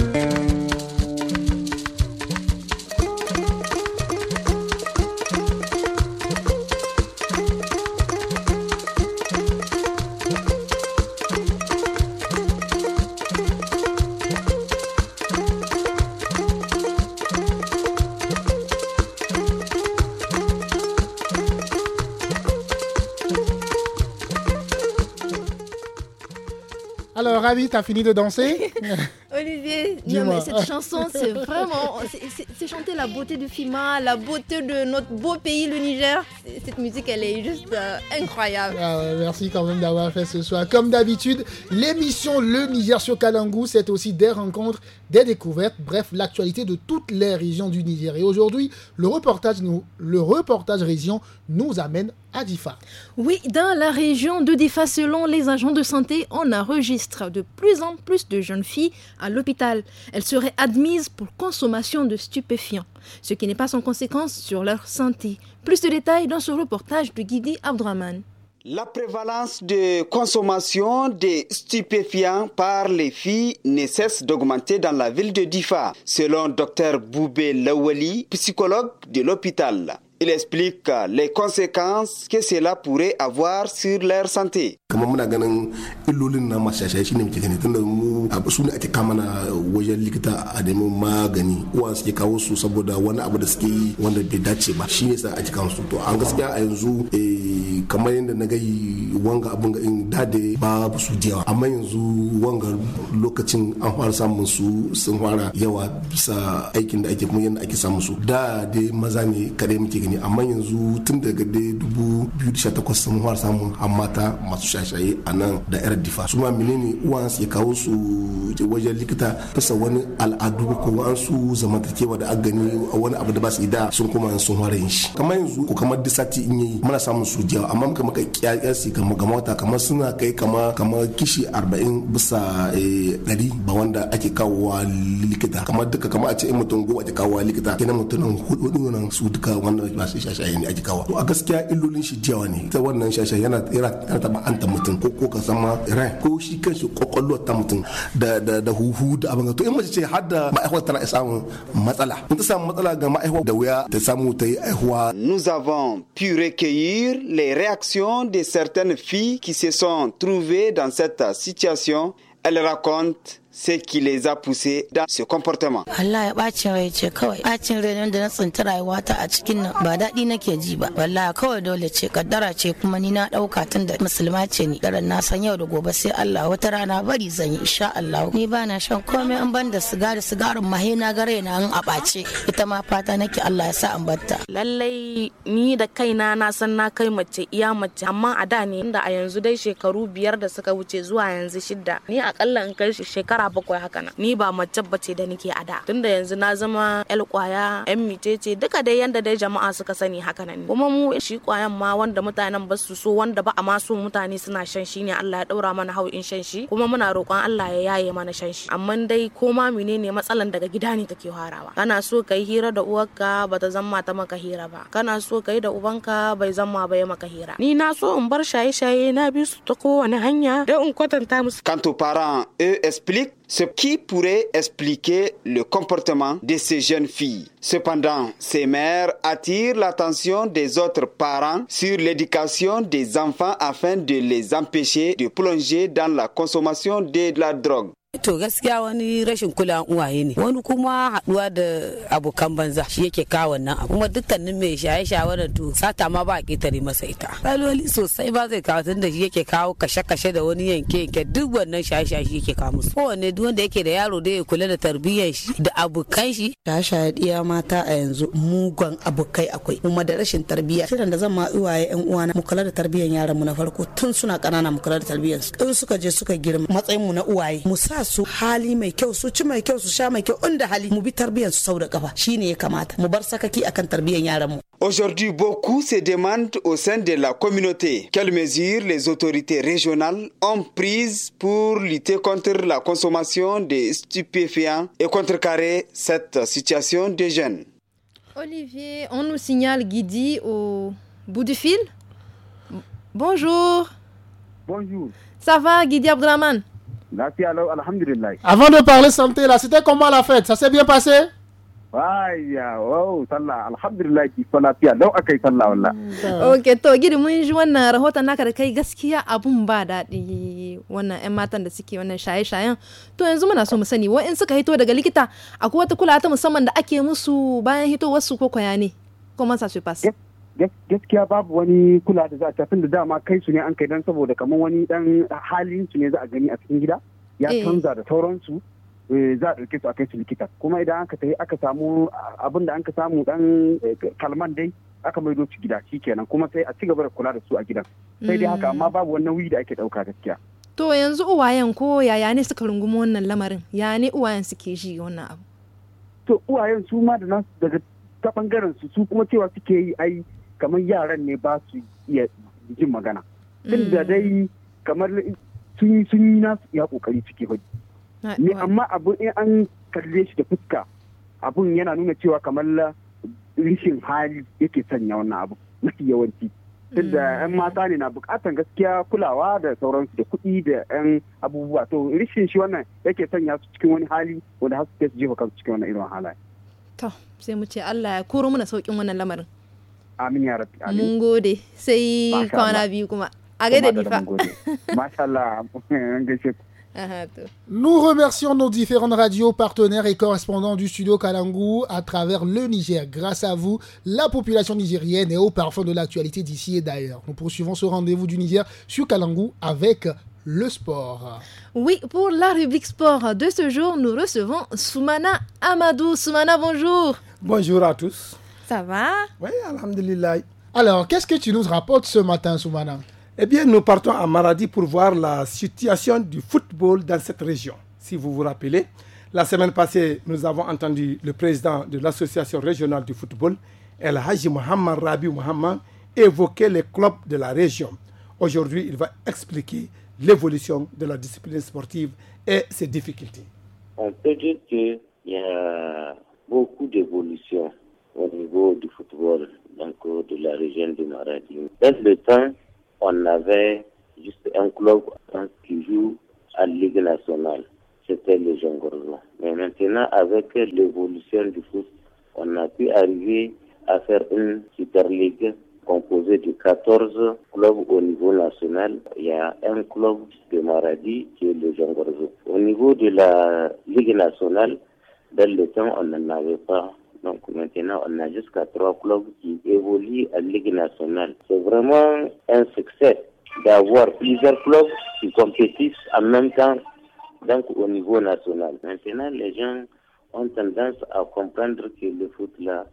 Ravi, t'as fini de danser Olivier, cette chanson, c'est vraiment. C'est chanter la beauté du FIMA, la beauté de notre beau pays, le Niger. Cette musique, elle est juste euh, incroyable. Ah merci quand même d'avoir fait ce soir. Comme d'habitude, l'émission Le Niger sur Kalangou, c'est aussi des rencontres, des découvertes, bref, l'actualité de toutes les régions du Niger. Et aujourd'hui, le reportage, nous, le reportage région nous amène oui, dans la région de Difa, selon les agents de santé, on enregistre de plus en plus de jeunes filles à l'hôpital. Elles seraient admises pour consommation de stupéfiants, ce qui n'est pas sans conséquence sur leur santé. Plus de détails dans ce reportage de Guidi Abdraman. La prévalence de consommation des stupéfiants par les filles ne cesse d'augmenter dans la ville de Difa, selon Dr Boubé Lawali, psychologue de l'hôpital. Il explique les conséquences que cela pourrait avoir sur leur santé. kamar muna ganin illolin na masu shashaye shine muke gani tunda mu su ne ake kama na wajen likita a neman magani wa suke kawo su saboda wani abu da suke yi wanda bai dace ba shi ne sa ake kawo su a an gaskiya a yanzu eh, kamar yadda na gai wanga abin ga in dade ba su da yawa amma yanzu wanga lokacin an fara samun su sun fara yawa bisa aikin da ake kuma yadda ake samun su da dai maza ne kadai muke gani amma yanzu tun daga dai dubu biyu da takwas sun fara samun hammata masu shashaye a nan da yar difa su ma menene uwansu ya kawo su wajen likita fasa wani al'adu ko su zamantakewa da agani wani abu da ba su yi da sun kuma sun fara yin shi kamar yanzu ko kamar duk sati in yi muna samun su jiya amma muka maka su kamar ga mota kamar suna kai kamar kamar kishi arba'in bisa eh, ɗari ba wanda ake kawowa likita kamar duka kamar a ce in mutum goma ake kawowa likita kenan mutum hudu nan su duka wanda masu shashaye ne a kawa to a gaskiya illolin shi jiyawa ne ta wannan shashaye yana yana taba anta mutum ko ko ka sama rai ko shi kanshi kwakwalwar ta mutum da da da huhu da abin to in mace ce har da ma'aihuwa tana samun matsala in ta samu matsala ga ma'aihuwa da wuya ta samu ta yi aihuwa nous avons pu recueillir les réactions de certaines filles qui se sont trouvées dans cette situation elles racontent ce qui les a poussés dans ce comportement. ya bacin rai ce kawai. Bacin rai da na tsinta rayuwata a cikin nan ba daɗi nake ji ba. Wallahi kawai dole ce kaddara ce kuma ni na ɗauka tun da musulma ce ni. Daren na san yau da gobe sai Allah wata rana bari zan yi insha Allah. Ni ba na shan komai an ban da sigari sigarin mahe na gare na an abace. Ita ma fata nake Allah ya sa an batta. Lallai ni da kaina na san na kai mace iya mace amma a da ne inda a yanzu dai shekaru biyar da suka wuce zuwa yanzu shidda. Ni akalla in kai shekara shekara bakwai haka na ni ba mace bace da nake a da tunda yanzu na zama yar kwaya yan mitece duka dai yanda dai jama'a suka sani haka nan kuma mu shi kwayan ma wanda mutanen ba su so wanda ba a ma so mutane suna shan shi ne Allah ya daura mana in shan shi kuma muna roƙon Allah ya yaye mana shan shi amma dai ko ma menene matsalan daga gida ne take harawa kana so kai hira da uwarka ta zama ta maka hira ba kana so kai da ubanka bai zama ba ya maka hira ni na so in bar shaye-shaye na bi su ta kowane hanya da in kwatanta musu kanto parents eux eh, Ce qui pourrait expliquer le comportement de ces jeunes filles. Cependant, ces mères attirent l'attention des autres parents sur l'éducation des enfants afin de les empêcher de plonger dans la consommation de la drogue. to gaskiya wani rashin kula uwaye ne wani kuma haduwa da abokan banza shi yake kawo wannan abu kuma dukkanin mai shaye shawarar to sata ma ba ketare masa ita kaloli sosai ba zai kawo tunda shi yake kawo kashe kashe da wani yanke yanke duk wannan shaye shaye shi yake kawo musu wanne duk wanda yake da yaro da ya kula da tarbiyyar shi da abokan shi shaye shaye diya mata a yanzu mugan abokai akwai kuma da rashin tarbiyya shirin da zan ma uwaye yan uwana mu kula da tarbiyyar yaran mu na farko tun suna kanana mu kula da tarbiyyar su in suka je suka girma matsayin mu na uwaye mu sa Aujourd'hui, beaucoup se demandent au sein de la communauté quelles mesures les autorités régionales ont prises pour lutter contre la consommation des stupéfiants et contrecarrer cette situation des jeunes. Olivier, on nous signale Guidi au bout du fil. Bonjour. Bonjour. Ça va, Guidi Abdraman avant de parler santé, là, c'était comment la fête Ça s'est bien passé oh, Oui, hmm, to gidi ji wannan rahoton kai gaskiya abun ba wannan 'yan matan da suke wannan shaye to so mu sani suka hito daga likita akwai wata kula ta musamman da ake musu bayan su comment ça se passe gaskiya babu wani kula da za a tafin da dama kai su ne an kai dan saboda kamar wani dan halin su ne za a gani a cikin gida ya eh. canza da sauransu eh, za a ɗauke su a kai su likita kuma idan aka tafi aka samu abin an ka samu dan eh, kalman dai aka maido su gida shi kenan kuma sai a ci gaba da kula da su a gidan sai dai haka amma babu wani nauyi da ake ɗauka gaskiya to yanzu uwayen ko yaya ne suka rungumi wannan lamarin ya ne uwayen suke ji wannan abu to uwayen su ma da nasu daga ta bangaren su su kuma cewa suke yi ai kamar yaran ne ba su iya jin magana tun da mm. dai kamar sun yi sun yi nasu iya kokari suke hudu ne amma abun in an kalle shi da fuska abun yana nuna cewa kamar rishin hali yake sanya wannan abu mafi yawanci tunda yan mm. mata ne na bukatan gaskiya kulawa da sauransu da kuɗi da yan abubuwa to rishin shi wannan yake sanya su cikin wani hali wanda har su jefa kansu cikin wannan irin halaye to sai mu ce Allah ya kuro mana saukin wannan lamarin Nous remercions nos différentes radios partenaires et correspondants du studio Kalangu à travers le Niger. Grâce à vous, la population nigérienne est au parfum de l'actualité d'ici et d'ailleurs. Nous poursuivons ce rendez-vous du Niger sur Kalangu avec le sport. Oui, pour la rubrique sport de ce jour, nous recevons Soumana Amadou. Soumana, bonjour. Bonjour à tous. Ça va Oui, alhamdulillah. Alors, qu'est-ce que tu nous rapportes ce matin, Soumana Eh bien, nous partons à Maradi pour voir la situation du football dans cette région. Si vous vous rappelez, la semaine passée, nous avons entendu le président de l'association régionale du football, El Haji Mohamed Rabi Mohamed, évoquer les clubs de la région. Aujourd'hui, il va expliquer l'évolution de la discipline sportive et ses difficultés. On peut dire qu'il y a beaucoup d'évolutions au niveau du football, de la région de Maradi. Dans le temps, on avait juste un club hein, qui joue à Ligue nationale. C'était le Gorzo. Mais maintenant, avec l'évolution du foot, on a pu arriver à faire une Super Ligue composée de 14 clubs au niveau national. Il y a un club de Maradi qui est le Jongorzo. Au niveau de la Ligue nationale, dès le temps, on n'en avait pas donc maintenant, on a jusqu'à trois clubs qui évoluent en Ligue nationale. C'est vraiment un succès d'avoir plusieurs clubs qui compétissent en même temps donc au niveau national. Maintenant, les gens ont tendance à comprendre que le foot là,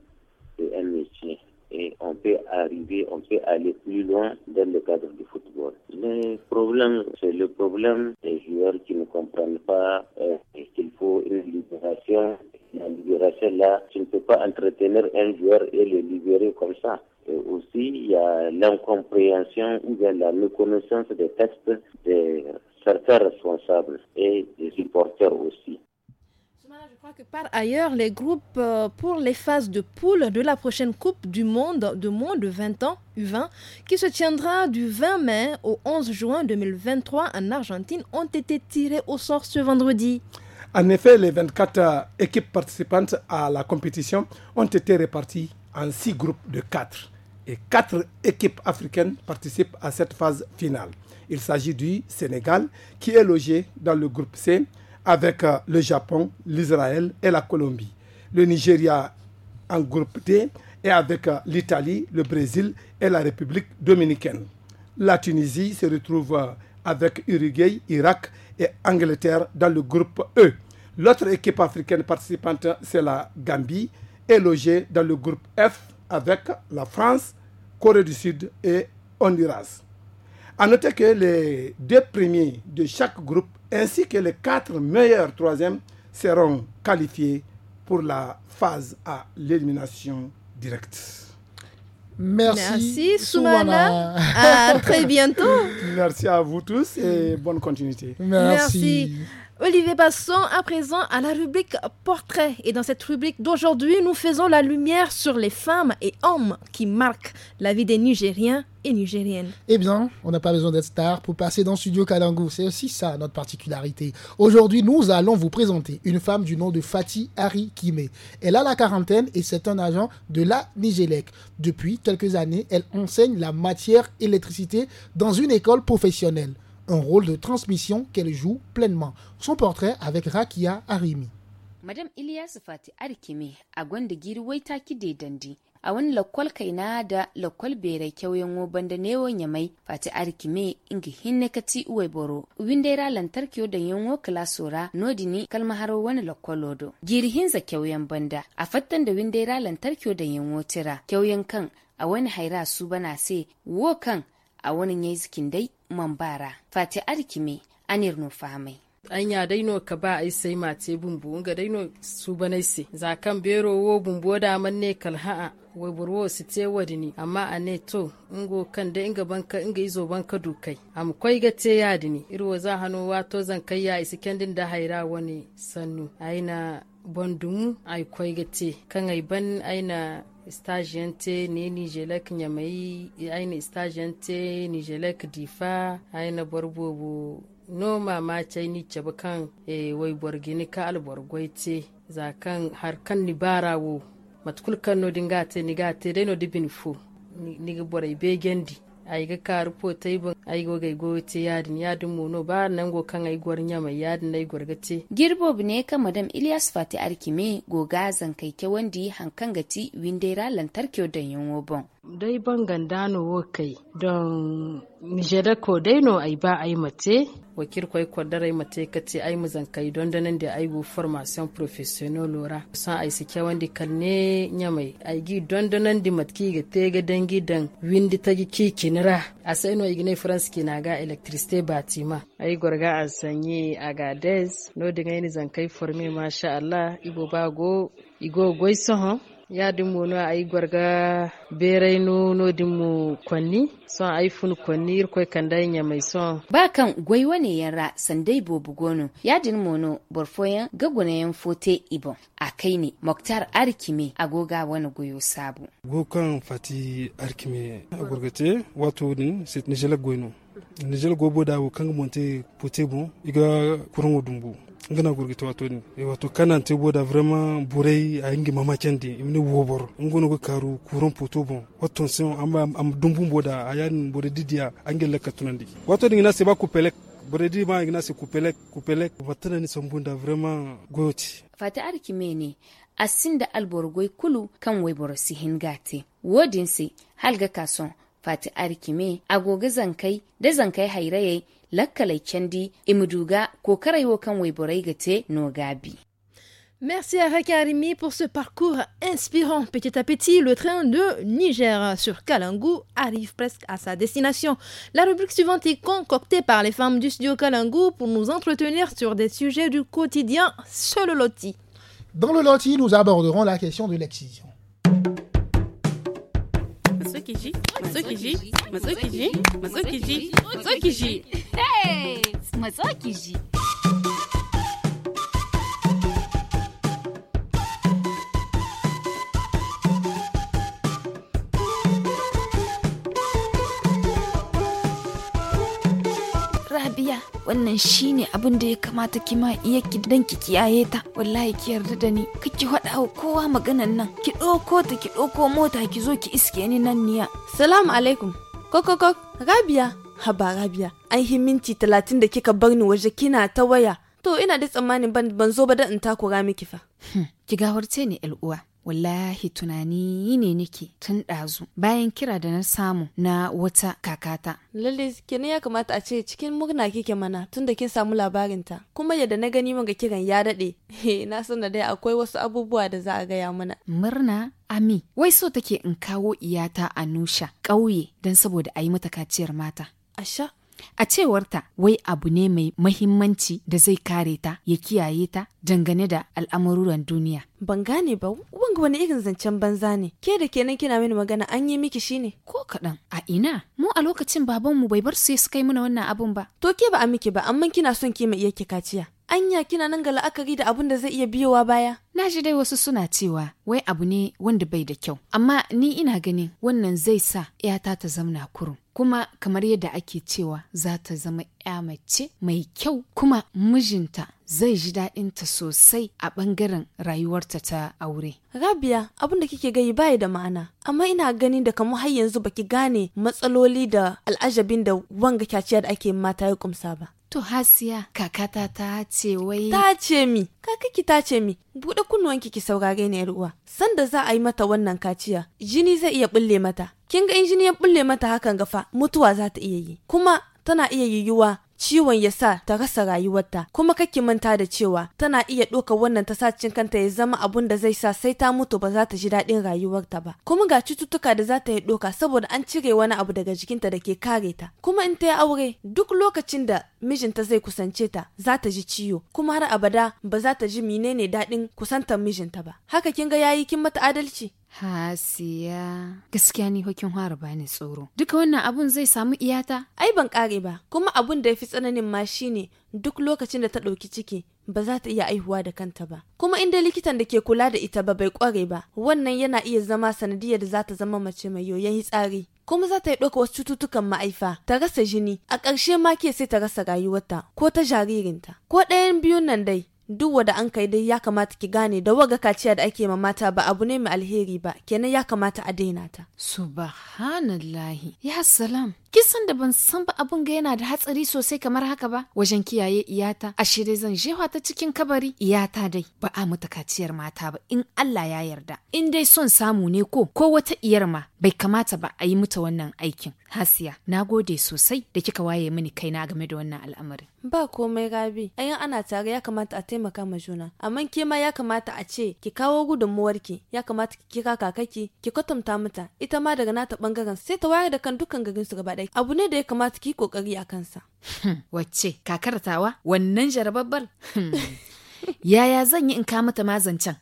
c'est un métier et on peut arriver, on peut aller plus loin dans le cadre du football. Le problème, c'est le problème des joueurs qui ne comprennent pas euh, qu'il faut une libération la libération là, tu ne peux pas entretenir un joueur et le libérer comme ça. Et aussi, il y a l'incompréhension ou bien la méconnaissance des textes de certains responsables et des supporters aussi. Je crois que par ailleurs, les groupes euh, pour les phases de poule de la prochaine Coupe du Monde de moins de 20 ans, U20, qui se tiendra du 20 mai au 11 juin 2023 en Argentine, ont été tirés au sort ce vendredi. En effet, les 24 équipes participantes à la compétition ont été réparties en six groupes de quatre. Et quatre équipes africaines participent à cette phase finale. Il s'agit du Sénégal, qui est logé dans le groupe C avec euh, le Japon, l'Israël et la Colombie. Le Nigeria en groupe D et avec euh, l'Italie, le Brésil et la République dominicaine. La Tunisie se retrouve euh, avec Uruguay, Irak et Angleterre dans le groupe E. L'autre équipe africaine participante, c'est la Gambie, est logée dans le groupe F avec la France, Corée du Sud et Honduras. A noter que les deux premiers de chaque groupe ainsi que les quatre meilleurs troisièmes seront qualifiés pour la phase à l'élimination directe. Merci, Soumana. À très bientôt. Merci à vous tous et bonne continuité. Merci. Merci. Olivier Basson, à présent à la rubrique Portrait. Et dans cette rubrique d'aujourd'hui, nous faisons la lumière sur les femmes et hommes qui marquent la vie des Nigériens et Nigériennes. Eh bien, on n'a pas besoin d'être star pour passer dans Studio Kalangu. C'est aussi ça notre particularité. Aujourd'hui, nous allons vous présenter une femme du nom de Fatih Ari Kime. Elle a la quarantaine et c'est un agent de la Nigélec. Depuis quelques années, elle enseigne la matière électricité dans une école professionnelle. un rôle de transmission qu'elle joue pleinement. Son portrait avec Rakia Arimi. Madame Ilyas Fati Arkime a gwanda girwai ki de dandi a wani lakwal kaina da lakwal bere kyauyen woban da ne wonya mai fati arkime inga hinne kati uwe boro windera lantarki da yanwo kala sora nodini ni haro wani lakwalodo giri hinza kyauyen banda a fatan da windera lantarki da yanwo tira kyauyen kan a wani haira su bana se wo kan a wani yayi zikin dai mambara fati arkime anir no famai anya daino ka ba ai sai mace bumbu nga daino su banai se za kan bero wo bumbu da manne kalha'a wai burwo su te wadini amma a ne to ingo kan da inga banka inga izo banka dukai am koi ga te yadini irwo za hano wato zan kai ya isi kendin da haira wani sannu aina bondumu ai koi ga ce kan ai ban aina stajiyante ne nijelek nyamai aina stajiyante nijelek difa aina borbobo noma ma chai ni cabi kan e, wai borgini ka alborgwai ce za kan har kan ni barawo matkul kan no dingate ni dai no dibin fu ni ga borai be aiga ga karu po tay bon ay go go te yadin yadin mono ba nan go kan ay gwar nyama yadin na garga ce. girbo ne ka madam Ilyas Fati Arkime go gazan kai ke wandi hankan gati windera lantarki odan yin wobon dai bangandano wokai don mijeda ko daino ai ba ai mace wakil kwai kwadarai mate kace ai muzan kai don nan da ai go formation professionnel lora san ai sike wanda kalne mai ai gi don nan di matki ga tege dangi dan windi ta gi ki kinira a sai no igne france na ga electricité batima ai gorga a sanye agades no dinga ni zan kai forme masha Allah ibo bago igo ya dimmo no ay gorga berai no no dimmo kwanni so ay fun kwanni ko kanda nya mai so ba kan gwaiwa ne yara sandai bobu gono ya dimmo no borfoyan yan fote ibon a kai ne moktar arkime agoga wani goyo sabu gokan fati arkime gorgate wato din sit nijela goino nijela gobo da wukan monte pote iga kurun dumbu ngana gurgi to watoni ni eh, e wato kana te boda vraiment burei a ingi mama kendi imni wobor ngono ko karu kuron poto bon wato sen amba am dumbum boda ayan bore didia angel lakatunandi wato dingina se ba ku pelek di ma ngina se kupelek kupelek matana ni sambunda vraiment goyoti fata arkimene da alborgoy kulu kan si sihin gate wodinsi halga kason fati me agoga zankai da zankai hairaye Merci à Rakarimi pour ce parcours inspirant. Petit à petit, le train de Niger sur Kalangu arrive presque à sa destination. La rubrique suivante est concoctée par les femmes du studio Kalangu pour nous entretenir sur des sujets du quotidien sur le loti. Dans le loti, nous aborderons la question de l'excision. matsokiji matsokiji matsokiji matsokiji wannan shine abin da ya kamata ki ma iya ki dan ki kiyaye ta wallahi ki yarda da ni kike faɗa wa kowa maganan nan ki ɗauko ta ki ɗauko mota ki zo ki iske ni nan niya salamu alaikum kokoko rabiya haba rabiya an yi minti talatin da kika bar ni waje kina ta waya to ina da tsammanin ban zo ba da in takura miki fa hmm. ki gawarce ni uwa wallahi tunani ne nake tun ɗazu bayan kira da na samu na wata kakata. Lalle kenan ya kamata a ce cikin murna kike mana tun da kin samu labarinta kuma yadda na gani ga kiran ya daɗe na san da dai akwai wasu abubuwa da za a gaya mana. Murna Ami, wai so take in kawo iyata a Nusha ƙauye don saboda a yi mata kaciyar mata. Asha, A cewarta wai abu ne mai mahimmanci da zai kare ta ya kiyaye ta dangane da al'amuran duniya. Ban gane ba, wanga wani irin zancen banza ne, ke da kenan kina mini magana an yi miki shine. Ko kaɗan, a ina, mu a lokacin babanmu bai bar su suka yi mana wannan abun ba. To ke ba a miki ba, amma kina son ki mai iya kaciya. anya kina nan ga la'akari da abun da zai iya biyowa baya? Na ji dai wasu suna cewa wai abu ne wanda bai da kyau, amma ni ina ganin wannan zai sa ‘yata ta zamna kurum. kuma kamar yadda ake cewa za ta zama ya mace mai kyau kuma mijinta zai ji daɗinta sosai a ɓangaren rayuwarta ta aure. Rabia abin da kike gayi baya da ma'ana, amma ina ganin da kamar har yanzu baki gane matsaloli da al'ajabin da wanga kyaciya da ake mata ya kumsa ba. To Hasiya, kakata ta ce wai. Ta ce mi, kakaki ta ce mi, Bude kunnuwanki ki saurare ni uwa. Sanda za a yi mata wannan kaciya, jini zai iya bulle mata. Kin ga in jini bulle mata hakan gafa, mutuwa za ta iya yi. Kuma tana iya yiwuwa ciwon ya sa ta rasa rayuwarta kuma kake manta da cewa tana iya ɗauka wannan ta sacin kanta ya zama abun da zai sa sai ta mutu ba za ta ji daɗin rayuwarta ba kuma ga cututtuka da za ta yi ɗauka saboda an cire wani abu daga jikinta da ke kare ta kuma in ta yi aure duk lokacin da mijinta zai kusance ta za ta ji ciwo kuma har abada ba za ta ji menene daɗin kusantar mijinta ba haka kin ga yayi kin mata adalci Hasiya. Gaskiya ni hukin hara ba ni tsoro. Duka wannan abun zai samu iyata? Ai ban kare ba, kuma abun da ya fi tsananin ma shine duk lokacin da ta ɗauki ciki ba za ta iya aihuwa da kanta ba. Kuma inda likitan da ke kula da ita ba bai kware ba, wannan yana iya zama sanadiyar da za ta zama mace mai yoyon hitsari. Kuma za ta yi ɗauka wasu cututtukan ma'aifa, ta rasa jini, a ƙarshe ma ke sai ta rasa rayuwarta ko ta jaririnta. Ko ɗayan biyun nan dai, duk wanda an kai dai ya kamata ki gane da waga kaciya da ake ma mata ba abu ne mai alheri ba kenan ya kamata a daina ta subhanallahi ya salam kisan da ban san ba abun ga yana da hatsari sosai kamar haka ba wajen kiyaye iyata a shirye zan jewa ta cikin kabari iyata dai ba a mata kaciyar mata ba in Allah ya yarda in dai son samu ne ko ko wata iyar ma bai kamata ba a yi mata wannan aikin hasiya na gode sosai da kika waye mini na game da wannan al'amarin ba komai rabi ayan ana tare ya kamata a taimaka ma juna amma ke ma ya kamata a ce ki kawo ki ya kamata ki kira kakaki ki kwatanta mata ita ma daga nata bangaren sai ta wayar da kan dukkan garin su gaba ɗaya abu ne da ya kamata ki kokari a kansa hmm, wacce kakar tawa wannan jarababbar hmm. yaya zan yi in ka mata mazancan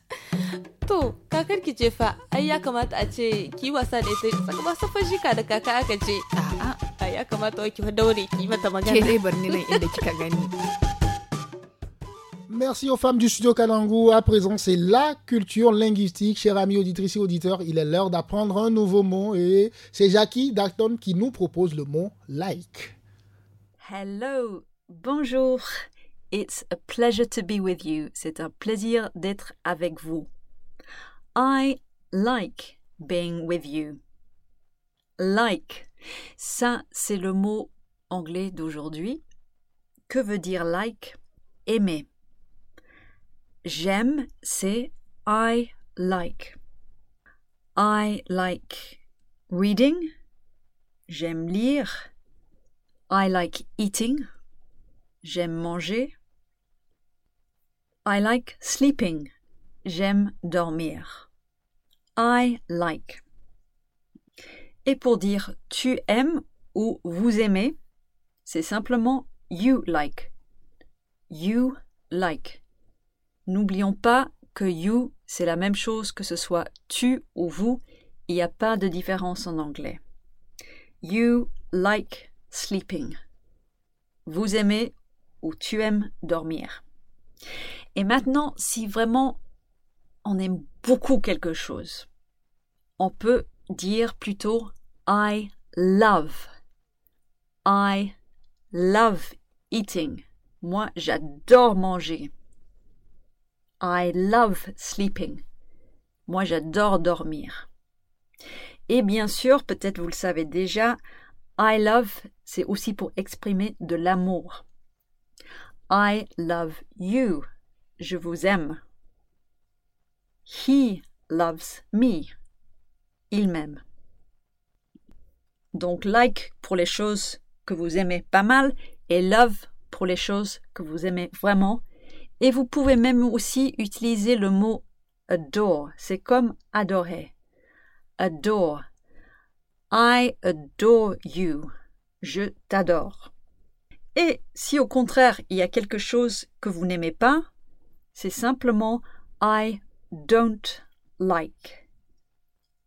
to kakar ki jefa ai ya kamata a ce ki wasa da ita tsaka ba safar shika da kaka aka ce a'a ya kamata ki daure ki mata magana ke dai barni nan inda kika gani Merci aux femmes du studio Kalangu. À présent, c'est la culture linguistique. Chers amis auditrices et auditeurs, il est l'heure d'apprendre un nouveau mot et c'est Jackie Dalton qui nous propose le mot like. Hello, bonjour. It's a pleasure to be with you. C'est un plaisir d'être avec vous. I like being with you. Like. Ça, c'est le mot anglais d'aujourd'hui. Que veut dire like Aimer j'aime, c'est I like. I like reading. J'aime lire. I like eating. J'aime manger. I like sleeping. J'aime dormir. I like. Et pour dire tu aimes ou vous aimez, c'est simplement you like. You like. N'oublions pas que you, c'est la même chose que ce soit tu ou vous, il n'y a pas de différence en anglais. You like sleeping. Vous aimez ou tu aimes dormir. Et maintenant, si vraiment on aime beaucoup quelque chose, on peut dire plutôt I love. I love eating. Moi, j'adore manger. I love sleeping. Moi, j'adore dormir. Et bien sûr, peut-être vous le savez déjà, I love, c'est aussi pour exprimer de l'amour. I love you. Je vous aime. He loves me. Il m'aime. Donc like pour les choses que vous aimez pas mal et love pour les choses que vous aimez vraiment et vous pouvez même aussi utiliser le mot adore. C'est comme adorer. Adore. I adore you. Je t'adore. Et si au contraire il y a quelque chose que vous n'aimez pas, c'est simplement I don't like.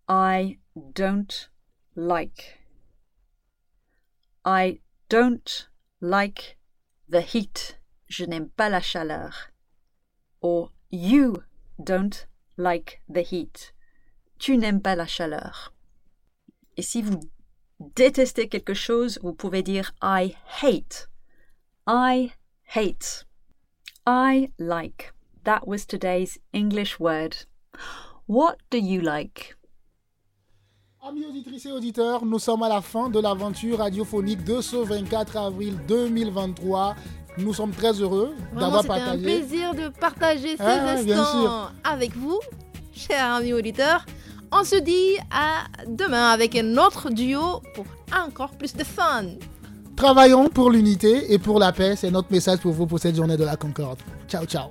I don't like. I don't like the heat je n'aime pas la chaleur. Or, you don't like the heat. Tu n'aimes pas la chaleur. Et si vous détestez quelque chose, vous pouvez dire I hate. I hate. I like. That was today's English word. What do you like? Amis auditrices et auditeurs, nous sommes à la fin de l'aventure radiophonique de ce 24 avril 2023. Nous sommes très heureux d'avoir partagé. C'est un plaisir de partager ces ah, instants avec vous, chers amis auditeurs. On se dit à demain avec un autre duo pour encore plus de fun. Travaillons pour l'unité et pour la paix. C'est notre message pour vous pour cette journée de la Concorde. Ciao, ciao.